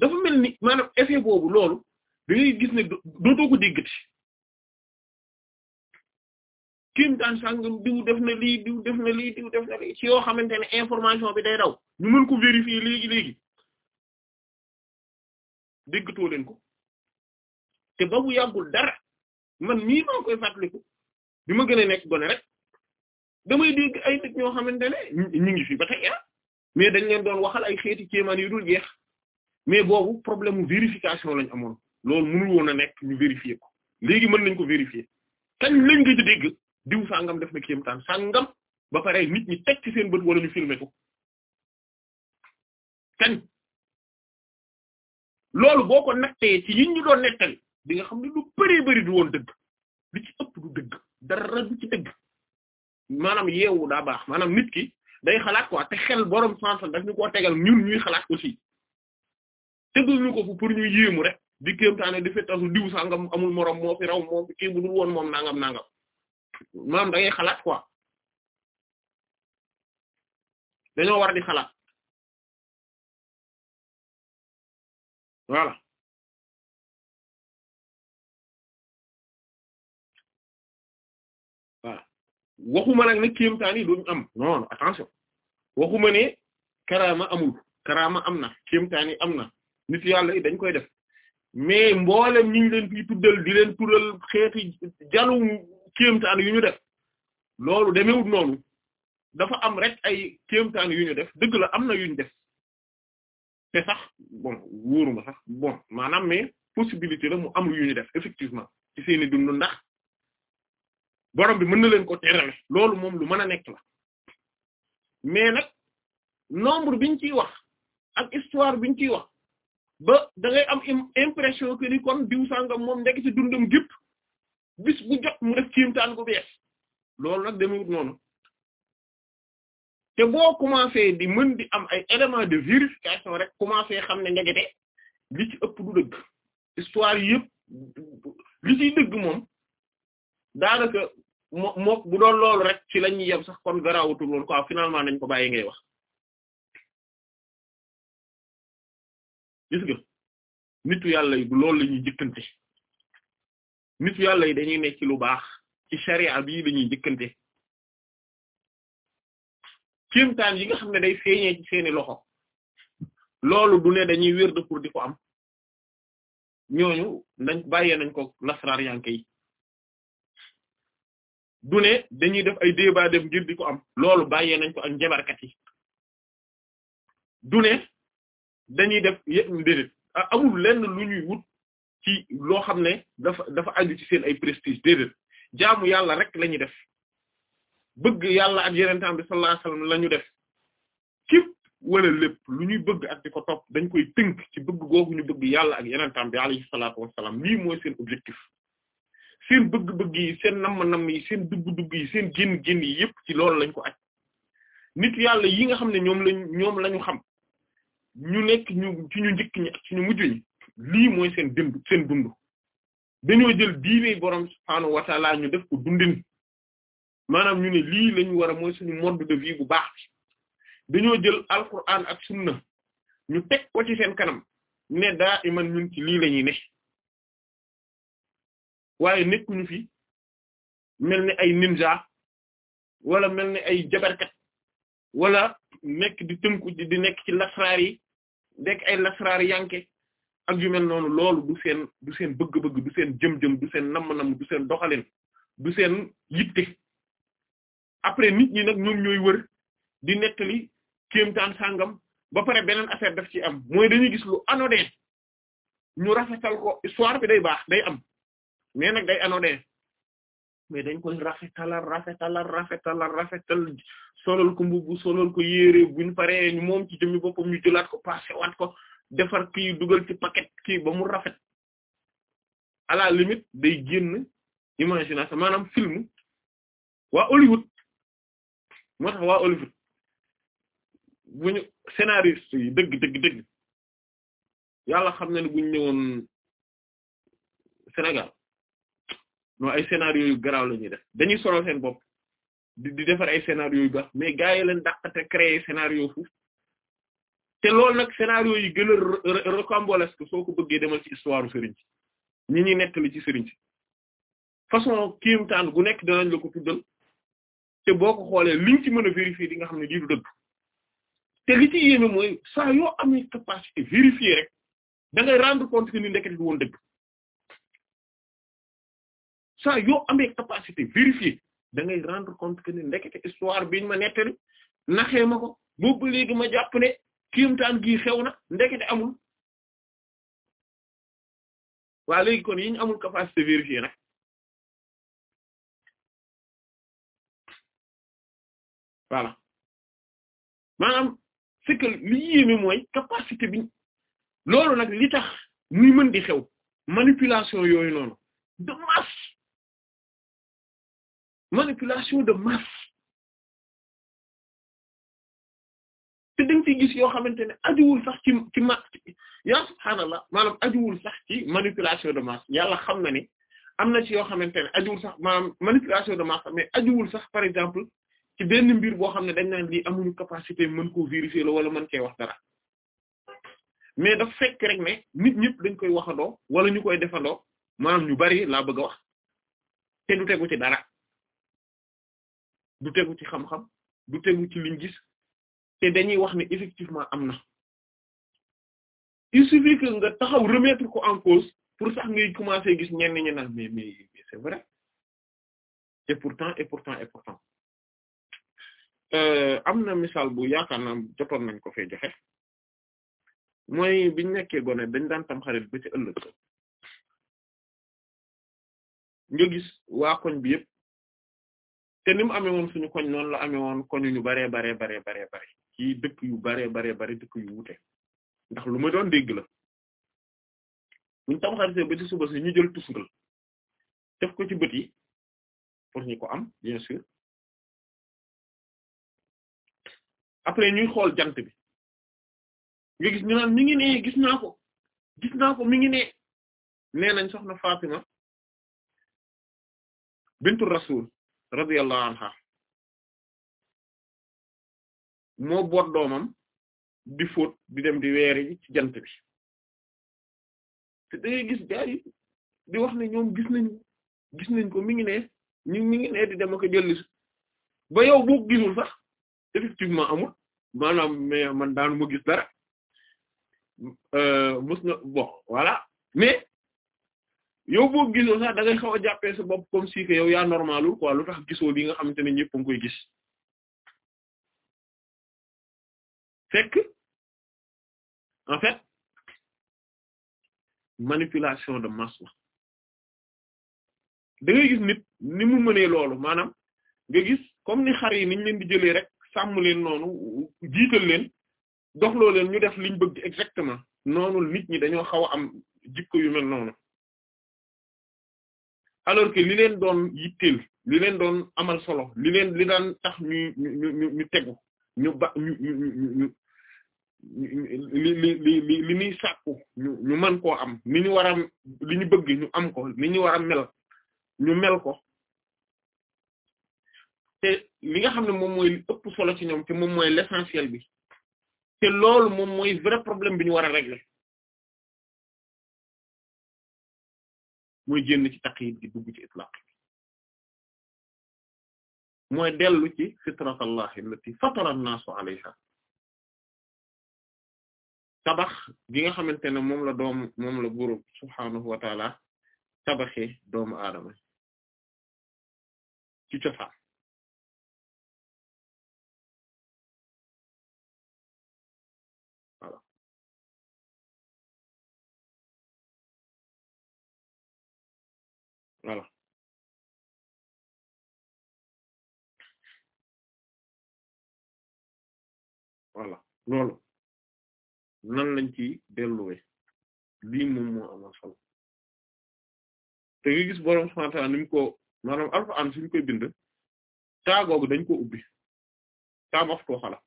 dafa mel ni maanaam effet boobu loolu da ngay gis ne dootoo ko déggati kim daan sàngam diw yoo xamante ne information bi day daw ñu mën ko vérifier léegi léegi déggatoo leen ko te ba bu yàggul dara man mii maa koy fàttaliku bi ma gën a nekk gone rek damay di ay nit xamante ne ñu ngi fi ba tey ah mais dañ leen doon waxal ay xeeti kéemaan yu dul jeex mais boobu problème mu vérification lañ amoon loolu mënul woon a nekk ñu vérifier ko léegi mën nañ ko vérifier kañ lañ nga ci dégg diw sangam def na kéemtaan sangam ba pare nit ñi teg ci seen bët wala ñu filmer ko kañ loolu boo ko nattee ci yi doon nettali di nga xam ne lu bëree bëri du woon dëgg li ci ëpp du dëgg dara du ci dëgg maanaam yeewu daa baax manam nit ki day xalaat quoi te xel borom sens daf ñu koo tegal ñun ñuy xalaat aussi teguñu ko fu pour ñu yéemu rek di kéemtaane a fettasu diw sangam amul morom moo fi raw moo fi kii bu dul woon moom nangam nangam maanaam da xalaat quoi dañoo war di xalaat voilà waxuma nag ne kéemtaan yi duñ am non attention waxuma ne karaama amul karaama am na kéemtaan am na nit yàlla yi dañ koy def mais mboolem ñi ñu leen fi tuddal di leen tuddal xeeti jalu kéemtaan yu ñu def loolu demewut noonu dafa am rek ay kéemtaan yu ñu def dëgg la am na yu def te sax bon wóoruma sax bon maanaam mais possibilité la mu am yu ñu def effectivement ci seeni dund ndax borom bi mën na leen ko terale loolu moom lu mën a nekk la mais nag nombre biñ ciy wax ak histoire biñ ciy wax ba da ngay am impression que ni kon diw sangam moom nekk ci dundam gépp bis bu jot mu def kiimtaan bu bees loolu nag demewut noonu te boo commencé di mën di am ay éléments de vérification rek commencé xam ne ndegete li ci ëpp du dëgg histoire yëpp li ciy dëgg moom daanaka moo mook bu doon loolu rek ci lañ ñuy yem sax kon garawutul woon quoi finalement nañ ko bàyyi ngay wax gis nga nitu yàlla yi bu loolu la ñuy nitu yàlla yi dañuy nekk lu baax ci sharia bii lañuy jëkkante kéemtaan yi nga xam ne day feeñee ci seeni loxo loolu du ne dañuy wér de pour di ko am ñooñu dañ bàyyee nañ ko nasaraar yanke du ne dañuy def ay débat dem ngir di ko am loolu bàyyee nañ ko ak njabarkat yi du ne dañuy def yépp amul lenn lu ñuy wut ci loo xam ne dafa dafa aju ci seen ay prestige déedéet jaamu yàlla rek la def bëgg yàlla ak yenentaan bi sallallahu alayhi la ñu def lépp lu ñuy bëgg ak di ko dañ koy tënk ci bëgg googu ñu bëgg yàlla ak yenentaan bi alayhi salaatu wassalaam lii mooy seen objectif seen bëgg-bëgg yi seen namm-namm yi seen dugg-dugg yi seen génn-génn yi yëpp ci loolu lañ ko aj nit yàlla yi nga xam ne ñoom lañ ñoom lañu xam ñu nekk ñu ci ñu njëkk ñi ci ñu mujj ñi lii mooy seen dund seen dund dañoo jël diine borom subhaanahu wa ñu def ko dundin maanaam ñu ne lii lañu war a mooy suñu mode de vie bu baax bi dañoo jël alquran ak sunna ñu teg ko ci seen kanam ne daa iman ñun ci lii lañuy ne waaye nekkuñu fi mel ni ay ninja wala mel ni ay jabarkat wala nekk di tënku di nekk ci lasraar yi nekk ay lasraar yanke ak yu mel noonu loolu du seen du seen bëgg-bëgg du seen jëm-jëm du seen namm-namm du seen doxalin du seen yitte après nit ñi nag ñoom ñooy wër di nettali kéemtaan sàngam ba pare beneen affaire daf ci am mooy dañuy gis lu anodin ñu rafetal ko histoire bi day baax day am mais nag day anodin mais dañ koy rafetalal rafetalal rafetalal rafetal solol ko mbubu solol ko yére buñ paree ñu moom ci jëmmi boppam ñu ko passé waat ko defar kii dugal ci paquet kii ba mu rafet à la limite day génn imagination maanaam film waa Hollywood moo tax waa Hollywood bu ñu scénariste yi dëgg dëgg dëgg yàlla xam na Sénégal non ay scénario yu garaaw la ñuy def dañuy solo seen bopp di di defar ay scénario yu baax mais gars yi leen dàq te créer scénario foofu te loolu nag scénario yi gën a rocambolesque soo ko bëggee demal ci histoire sëriñ ci ñi ñuy nettali ci sëriñ ci façon kiimtaan gu nekk danañ la ko tuddal te boo ko xoolee liñ ci mën a vérifier di nga xam ne lii du dëgg te li ci yéeme mooy saa yoo amee capacité vérifier rek da ngay rendre compte que ni ndekete du woon dëgg. saa yoo amee capacité vérifier da ngay rendre compte que ne ndekete histoire biñ ma nettali naxee ma ko boobu léegi ma jàpp ne kiimtaan gii xew na ndekete amul waa léegi kon yi ñu amul capacité vérifier na voilà maanaam c'est que li yéeme capacité biñ loolu nag li tax muy mën di xew manipulation yooyu noonu de manipulation de masse te dañ ciy gis yoo xamante ne ajuwul sax ci ci ma yaa manipulation de masse yàlla xam na ni am na ci yoo xamante ne ajuwul sax maanaam manipulation de masse mais ajuwul sax par exemple ci benn mbir boo xam ne dañ naan lii amuñu capacité mën koo vérifier la wala mën cee wax dara mais daf fekk rek ne nit ñëpp dañ koy waxandoo wala ñu koy defandoo maanaam ñu bari laa bëgg a wax te du tegu ci dara du tegu ci xam-xam du tegu ci liñ gis te dañuy wax ne effectivement am na il suffit que nga taxaw remettre ko en cause pour sax ngay commencer gis ñenn ñi naan mais mais c'est vrai et pourtant et pourtant euh, am na misaal bu yaakaar naa jotoon nañ ko fee joxe mooy biñ nekkee gone dañ daan tam xarit ba ci ëllëg nga gis waa koñ bi yëpp te ni mu amee woon koñ la amee woon koñ ñu baree baree baree bare ci dëkk yu baree baree bare dëkk yu wute ndax lu ma doon dégg la buñ tamxaritee ba ci suba si ñu jël tusngal def ko ci bët yi pour ñu ko am bien sûr après ñuy xool jant bi nga gis ñu naan mi ngi nee gis ko gis ko mi ngi nee nee nañ soxna Fatima bintu Rasul radiyallahu anha moo boot doomam di fóot di dem di weeri jant bi di wax ne ñoom gis nañ gis nañ ko mi ngi ne ñu mi ngi ne di dem ak a jëllis ba yow boo gisul sax effectivement amul maanaam mais man daanu ma gis dara mës euh, na bon voilà mais yow boo gisoo sax da ngay xaw a jàppee sa bopp comme si que yow yaa normalul quoi lu tax gisoo li nga xamante ne ñëpp a ngi gis fekk en fait manipulation de masse la gis nit ni mu mënee loolu maanaam nga gis comme ni xar yi ñu leen di jëlee rek sàmm leen noonu jiital leen doxloo leen ñu def liñ bëgg exactement noonu nit ñi dañoo xaw a am jikko yu mel noonu alors que li leen doon yitteel li leen doon amal solo li leen li daan tax ñu ñu ñu ñu tegu ñu ba ñu ñu ñu li li li li ñuy sàkku ñu ñu mën koo am li ñu war a li ñu bëgg ñu am ko li ñu war a mel ñu mel ko te li nga xam ne moom mooy li ëpp solo ci ñoom te moom mooy l'essentiel bi te loolu moom mooy vrai problème bi ñu war a régler mooy génn ci taqyid gi dugg ci itlaq mooy dellu ci fitratallahi allati fatara an-nas gi nga xamante ne moom la doom moom la boroom subhaanahu wa taala doomu aadama ci cosaan voilà loolu nan lañ ci delluwe lii moom moo amal solo te nga gis boroom subhanahu wa ta'ala ni mu ko maanaam alxuraan koy bind taa dañ ko ubbi taa maftuha la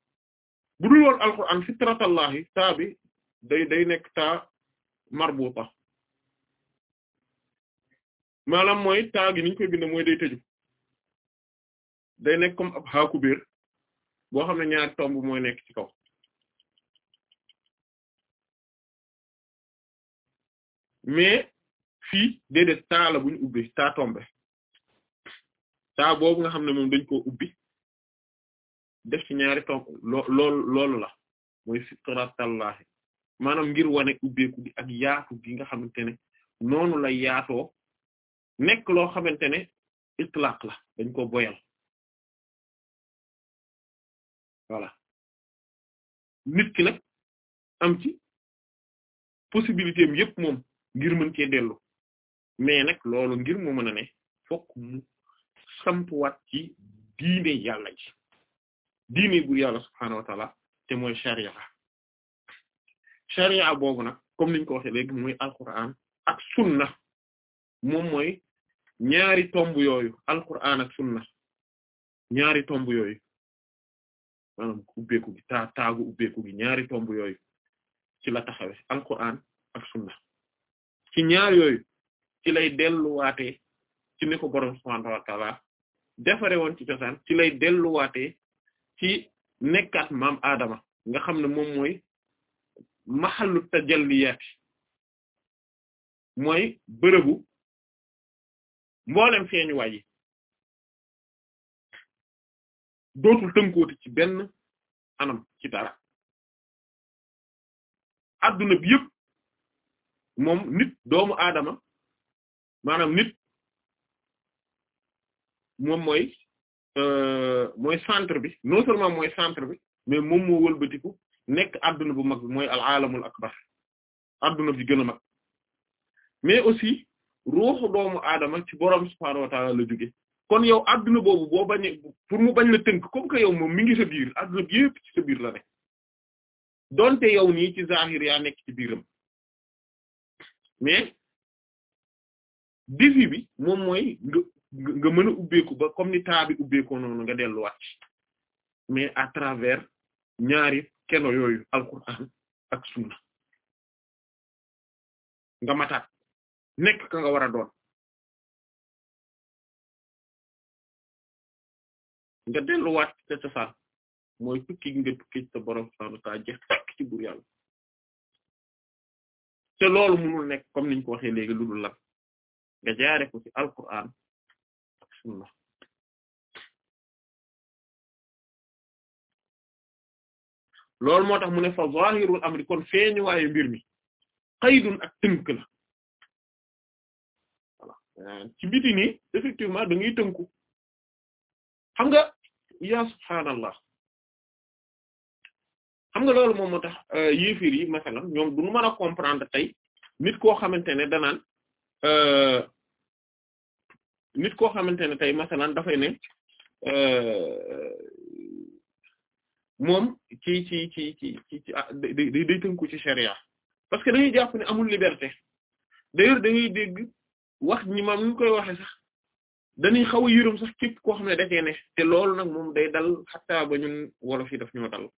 bu dul woon alxuraan fitratallahi taa bi day day nekk taa marbuta maanaam mooy taa gi niñ koy bind mooy day tëju day nekk comme ab xaaku boo xam ne ñaari tomb mooy nekk ci kaw mais fii déedéet taa la bu ñu ubbi taa tombe taa boobu nga xam ne moom dañ koo ubbi def ci ñaari tomb loo loolu loolu la mooy fitratallahi maanam ngir wane ubbeeku gi ak yaatu gi nga xamante ne noonu lay yaatoo nekk loo xamante ne itlaq la dañ ko boyal voilà nit ki nag am ci possibilité am yëpp moom ngir mën cee dellu mais nag loolu ngir mu mën a ne fokk mu sampuwaat ci diine yàlla ji diine bu yàlla subhaanahu wa taala mooy charia charia boobu na comme niñ ko waxee léegi mooy alquran ak sunna moom mooy ñaari tomb yooyu alquran ak sunna ñaari tomb yooyu maanaam ubbeeku gi taa taagu ubbeeku gi ñaari tomb yooyu ci la taxawe alquran ak sunna ci ñaar yooyu ci lay delluwaatee ci ni ko boroom subhaanahu wa woon ci cosaan ci lay delluwaatee ci nekkaat maam aadama nga xam ne moom mooy maxallu tajalliyaati mooy bërëbu mboolem feeñu waay yi dootul tënkooti ci benn anam ci dara adduna bi yëpp moom nit doomu aadama maanaam nit moom mooy euh, mooy centre bi non seulement mooy centre bi mais moom moo wëlbatiku nekk adduna bu mag bi mooy al alamul akbar àdduna bi gën a mag mais aussi ruuxu doomu aadama ci boroom subhaanahu wa ta'ala la jóge kon yow adduna boobu boo bañ pour mu bañ la tenk comme que yow moom mi ngi sa biir adduna bi yëpp ci sa la ne donte yow nii ci zahir ya nekk ci biiram mais défi bi moom mooy nga nga mën a ubbeeku ba comme ni taa bi ubbeekoo noonu nga dellu delluwaat mais à travers ñaari keno yooyu alquran ak sunna nga mataat nekk ka nga war a doon nga delluwaat ci sa cosaan mooy tukki nga tukki ci sa borom subhaanahu jeex takk ci buur te loolu mënul nekk comme niñ ko waxee léegi lu dul lan nga jaare ko ci alquran ak sunna moo tax mu ne fa zahirul amri kon feeñu waaye mbir mi qaydun ak tënk la ci biti nii effectivement da ngay tënku xam nga yaa subhaanallah xam nga loolu moom moo tax euh, yéefir yi masalan ñoom duñu mën a comprendre tey nit koo xamante ne danaan euh, nit koo xamante ne tey masalan dafay ne euh, moom ci ci ci ci ci ci ah day day tënku ci charia parce que dañuy jàpp ne amul liberté d'ailleurs dañuy dégg wax ñi maam koy waxe sax dañuy xaw a yërëm sax képp koo xam ne dafee ne te loolu nag moom day dal xataa ba ñun wolof yi daf ñoo dal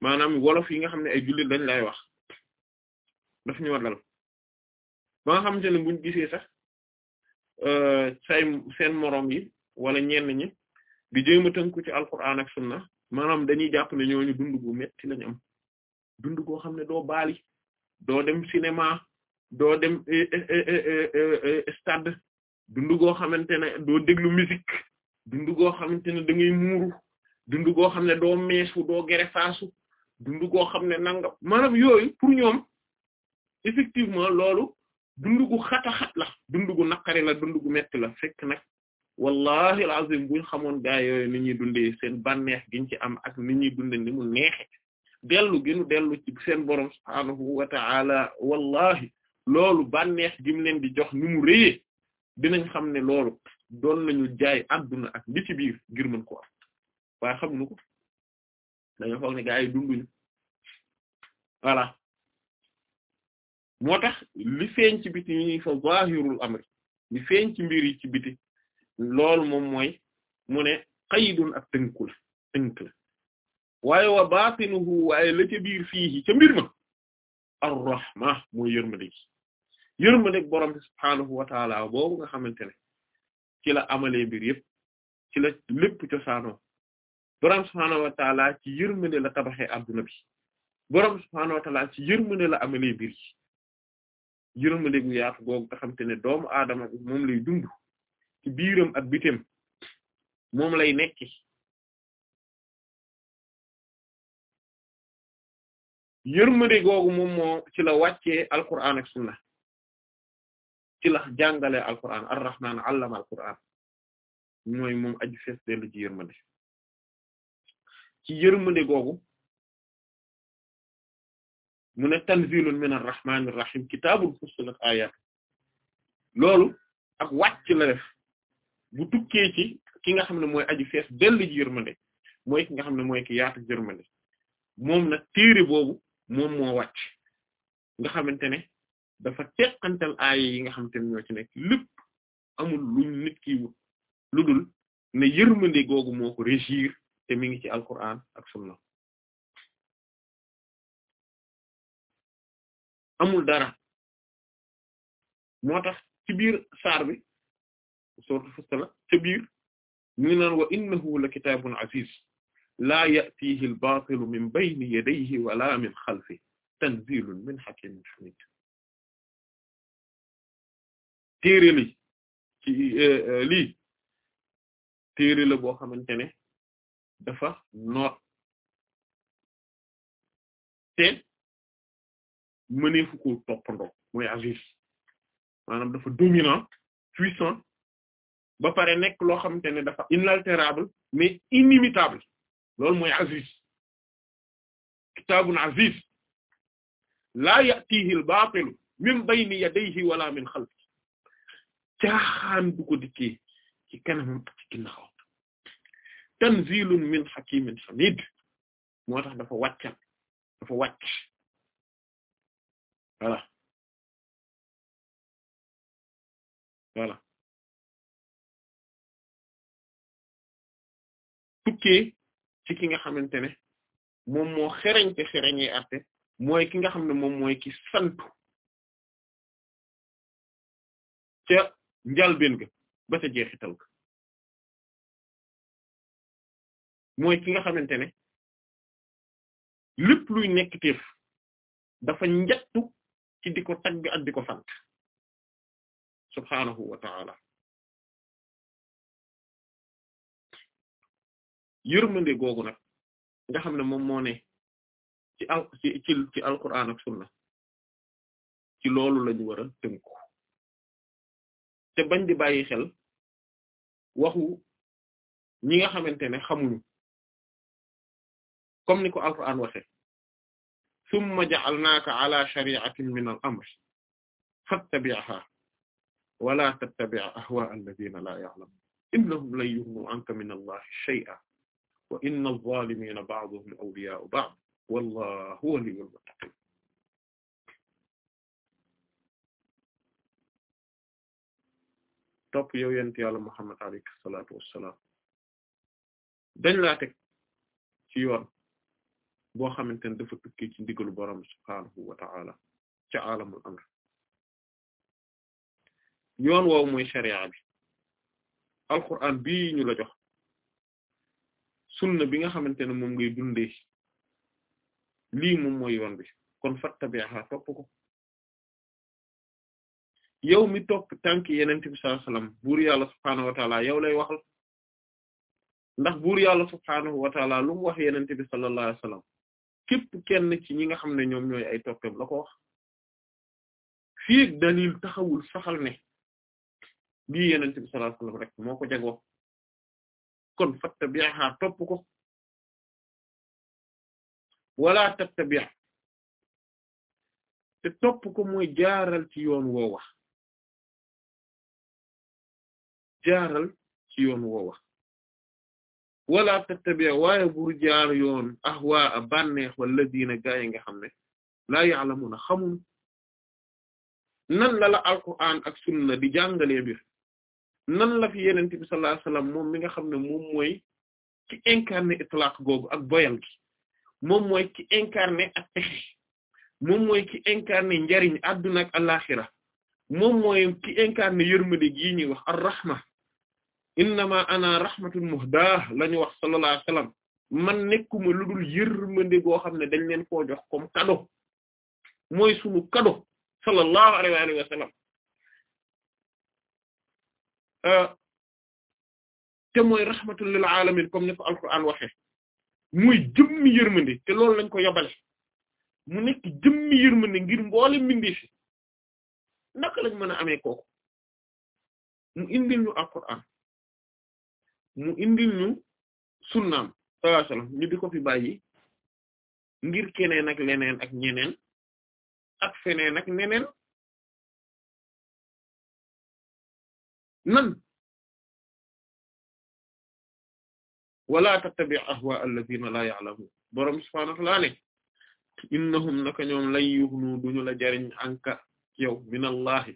maanaam wolof yi nga xam ne ay jullit dañ lay wax daf ñoo dal ba nga xamante ne buñ gisee sax euh, say seen moroom yi wala ñenn ñi di jéem a tënku ci alquran ak sunna maanaam dañuy jàpp ne ñooñu dund gu metti lañu am dund goo xam ne doo baali doo dem cinéma doo dem eh, eh, eh, stade dund goo xamante ne doo déglu musique dund goo xamante ne da ngay muuru goo xam ne doo meesu doo gere faasu dund goo xam ne nangam maanaam yooyu pour ñoom effectivement loolu dund gu xata xat la dund gu naqari la dund gu metti la fekk nag wallahi alazim buñ xamoon gaa yooyu ni ñuy dundee seen bànneex giñ ci am ak ni ñuy dunde ni mu neexe dellu gi nu dellu ci seen borom subhaanahu wa ta'ala wallahi loolu bànneex gi mu leen di jox ni mu dinañ xam ne loolu doon nañu jaay adduna ak li ci biir ngir mën ko am waaye xamuñu ko dañoo foog ne gaa yi dunduñu voilà moo tax li feeñ ci biti ñi fa zahirul amri li feeñ ci mbir yi ci biti loolu moom mooy mu ne qaydun ak tënku la tënk la waaye wa batinuhu waaye la ca biir fii ca mbir ma ar-rahma mooy yërmande gi yërmandeeg borom bi boobu nga xamante ne ci la amalee mbir yëpp ci la lépp cosaanoo borom subhaanahu wa googu ne doomu aadama bi moom lay dund ci biiram ak bitim moom lay nekki yërmande googu moom moo ci la wàccee alquran ak ci la jàngalee alquran arrahman allama alquran mooy moom aju fees dellu ci yërmande ci yërmande googu mu ne tanzilun min arrahmani rahim kitaabun fussilat ayat loolu ak wàcc la def bu tukkee ki nga xam ne mooy aju fees dellu ci yërmande mooy ki nga xam ne mooy ki yaatu yërmande moom nag téere boobu moom moo wàcc nga xamante ne dafa teqantal aaya yi nga xam te ne ñoo ci nekk lépp amul luñ nit ki lu dul ne yërmande googu moo ko te mi ngi ci alquran ak sunna amul dara moo tax ci biir saar bi sourate ci biir mu ngi naan wa innahu la kitaabun aziz laa ya'tiihi al-baatilu min bayni yadayhi wa laa min xalfihi tanziilun min hakiimin téere li ci eh, eh, lii téere la boo xamante ne dafa noot te mëneefu ko toppandoo mooy agir maanaam dafa dominant puissant ba pare nekk loo xamante ne dafa inaltérable mais inimitable loolu mooy aziz kitaabun aziz la yatihi al baatilu min bayni yadayhi wala min xalfi caaxaan du ko dikkee ci kanamam ak ci ginnaaw tanzilun min hakimin hamid moo tax dafa wàccal dafa wàcc voilà voilà tukkee ci ki nga xamante ne moom moo xereñ te xereñee arte mooy ki nga xam ne moom mooy ki santu ca njalbeen ga ba ca ga mooy ki nga xamante ne lépp luy nekk téef dafa njattu ci di ko tagg ak di sant subhaanahu wa ta'ala yërmande googu nag nga xam ne moom moone ne ci al ci ci alquran ak sunna ci loolu lañu war a te bañ di bàyyi xel waxu ñi nga xamante ne xamuñu comme ni ko alquran waxe summa ja'alnaaka ala shari'atin min al amr fattabi'ha wa la tattabi' ahwa'a alladhina la ya'lamun innahum lan yughnu 'anka min allahi shay'an wa inna adh-dhalimina ba'dhuhum awliya'u ba'd wallahu waliyyul muttaqin topp yow yent yàlla Muhammad alayhi salaatu wassalaam dañ laa teg ci yoon boo xamante ne dafa tukkee ci ndigalu borom subhaanahu wa ta'ala ci alamul amr yoon woowu mooy sharia bi alquran bii ñu la jox sunna bi nga xamante ne moom ngay dundee lii moom mooy yoon bi kon fattabiha topp ko yow mi topp tànk yenent bi sallallahu alayhi wasallam buur yàlla subhaanahu wa yow lay waxal ndax buur yàlla subhaanahu wa taala lu mu wax yenen bi sallallahu alayhi wasallam képp kenn ci ñi nga xam ne ñoom ñooy ay toppem la ko wax fii dalil taxawul saxal ne bii yenent bi sallallahu alayhi wasallam rek moo ko jagoo kon fattabi'ha topp ko wala tattabi' te topp ko mooy jaaral ci yoon woowa jaaral ci yoon woowa wala tattabi waaye bur jaar yoon ahwa a bànneex wala a gaay nga xam ne laa na xamul nan la la alquran ak sunna di jàngalee biir nan la fi yenente bi sallallahu mi nga xam ne moom mooy ki itlaq googu ak boyal gi moom mooy ki incarné ak texe moom mooy ki incarné njariñ adduna ak alaxira moom mooy ki incarné yërmande gi ñuy wax ar-rahma innama ana rahmatun muhda la ñu wax sallallahu alayhi wasallam man nekkuma lu dul yërmande goo xam ne dañ leen koo jox kom cadeau mooy sunu cadeau sallallahu alayhi wa sallam euh, te mooy rahmatul lil alamin comme ni ko alquran waxe muy jëmmi yërmande te loolu lañ ko yabale mu nekk jëmmi yërmande ngir mboole mbindi fi naka lañ mën a amee kooku mu indil ñu alquran mu indil ñu sunnaam ñu di fi bàyyi ngir keneen ak leneen ak ñeneen ak feneen ak neneen nan wala tattabi ahwa alladhina la ya'lamun borom subhanahu wa ta'ala ne innahum naka ñoom lay yuxnu duñu la jariñ anka yow minallahi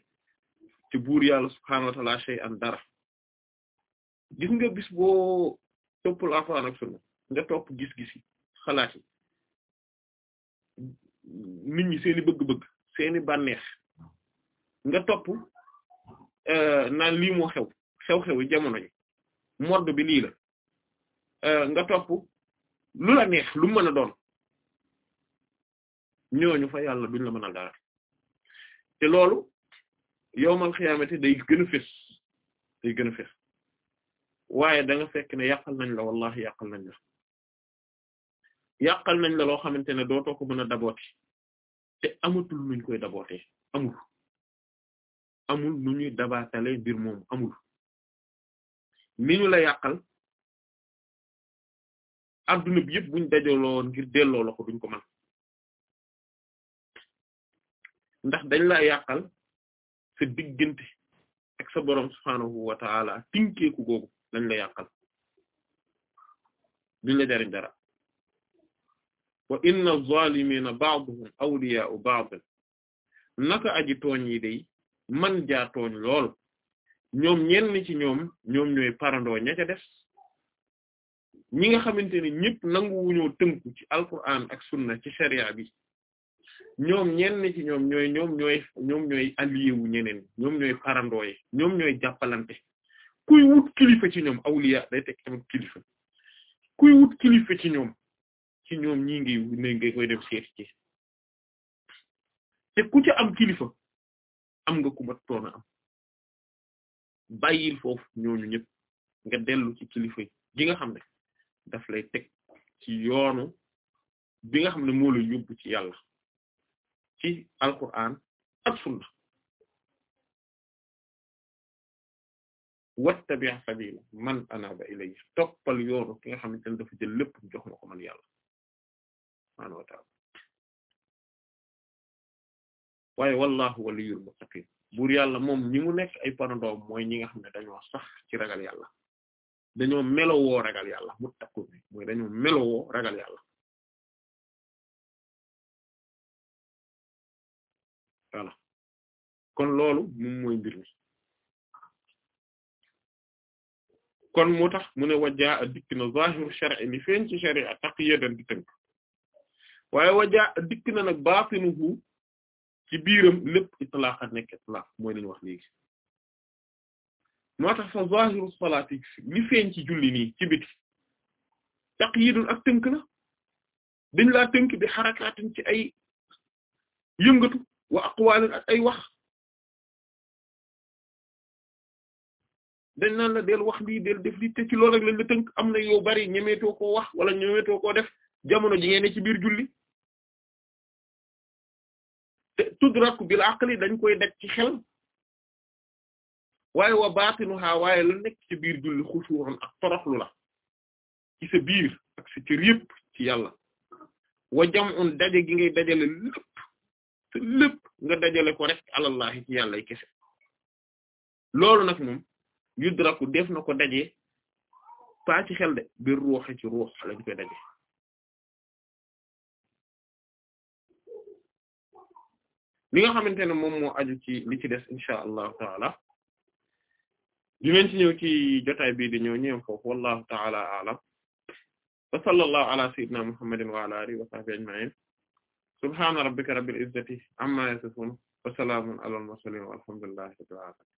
ci buur yàlla subhanahu wa ta'ala dara gis nga gis boo toppul alxuraan ak sunna nga topp gis-gis yi xalaat yi nit ñi seeni bëgg-bëgg seeni bànneex nga topp euh, naan lii moo xew xew-xew yi jamono yi mode bi lii la euh, nga topp lu la neex lu mën a doon ñooñu fa yàlla duñ la mën a dara te loolu yowmal xiyaamati day gën a fés day gën a fés waaye da fekk ne yàqal nañ la wallahi yàqal nañ la yàqal nañ la loo xamante ne dootoo ko mën a dabooti te amatul nuñ koy dabootee amul amul nu ñuy dabaatale mbir moom amul mi ñu la yàqal adduna bi yëpp buñ dajaloo ngir delloo la ko duñ ko mën ndax dañ la yàqal sa diggante ak sa boroom subhaanahu wa ta'ala tinkeeku googu dañ la yàqal duñ la jariñ dara wa inna az-zalimina ba'duhum awliya'u ba'd naka aji tooñ yi man jaa tooñ lool ñoom ñenn ci ñoom ñoom ñooy parandoo ña ca ñi nga xamante ne ñëpp nanguwuñoo tënku ci alquran ak sunna ci sharia bi ñoom ñenn ci ñoom ñooy ñoom ñeneen ñoom ñooy parandoo ñoom ñooy jàppalante kuy wut kilifa ci ñoom awliya day teg kilifa kuy wut kilifa ci ñoom ci ñoom ñi ngi ne nga koy dem seet ci te ku ci am kilifa am nga ku mat am bàyyil foofu ñooñu ñëpp nga dellu ci kilifa yi gi nga xam ne daf lay teg ci yoonu bi nga xam ne moo la yóbbu ci yàlla ci alquran ak sunna wattabi sabila man anaba ilayhi toppal yoonu ki nga xamante ne dafa jël lépp jox ma ko man yàlla subhaanahu waaye wallahu waliyul muttaqin buur yàlla moom ñi mu nekk ay parandoom mooy ñi nga xam ne dañoo sax ci ragal yàlla dañoo melowoo ragal yàlla muttaqin mooy dañoo melowoo ragal yàlla voilà kon loolu moom mooy mbir mi kon moo tax mu ne wajjaa a dikk na zahiru shar'i li feeñ ci sharia taqiyadan di tënk waaye wajjaa a dikk na nag baatinuhu ci biiram lépp itlaq nekk itlaq mooy lañu wax léegi moo tax fa zahiru salaati li feeñ ci julli nii ci biti taqyidun ak tënk la dañ laa tënk bi xarakaatin ci ay yëngatu wa aqwaalin ak ay wax dañ naan la del wax lii del def lii te ci loolu lañ la tënk am na yoo bari ñemeetoo koo wax wala ñemeetoo koo def jamono ji ci biir julli te tudraku bil aqli dañ koy daj ci xel waaye wa baatinuha waaye la nekk ci biir julli xushuuran ak toroxlu la ci sa ak sa cër yëpp ci yàlla wa jam'un daje gi ngay dajale lépp te lépp nga dajale ko rek alallahi ci yàlla kese loolu nag moom yudraku def ko daje pas xel de biir ruuxe ci ruux lañ koy daje li nga xamante ne moom moo aju ci li ci des insha taala dinañ ci ñëw ci jotaay bii di ñëw ñëw foofu wallahu taala a'lam wa sallallahu ala sayyidina muhammadin wa ala alihi wa sahbihi ajma'in subhana rabbika rabbil izzati amma yasifun wa salamun ala al mursalin walhamdulillahi rabbil alamin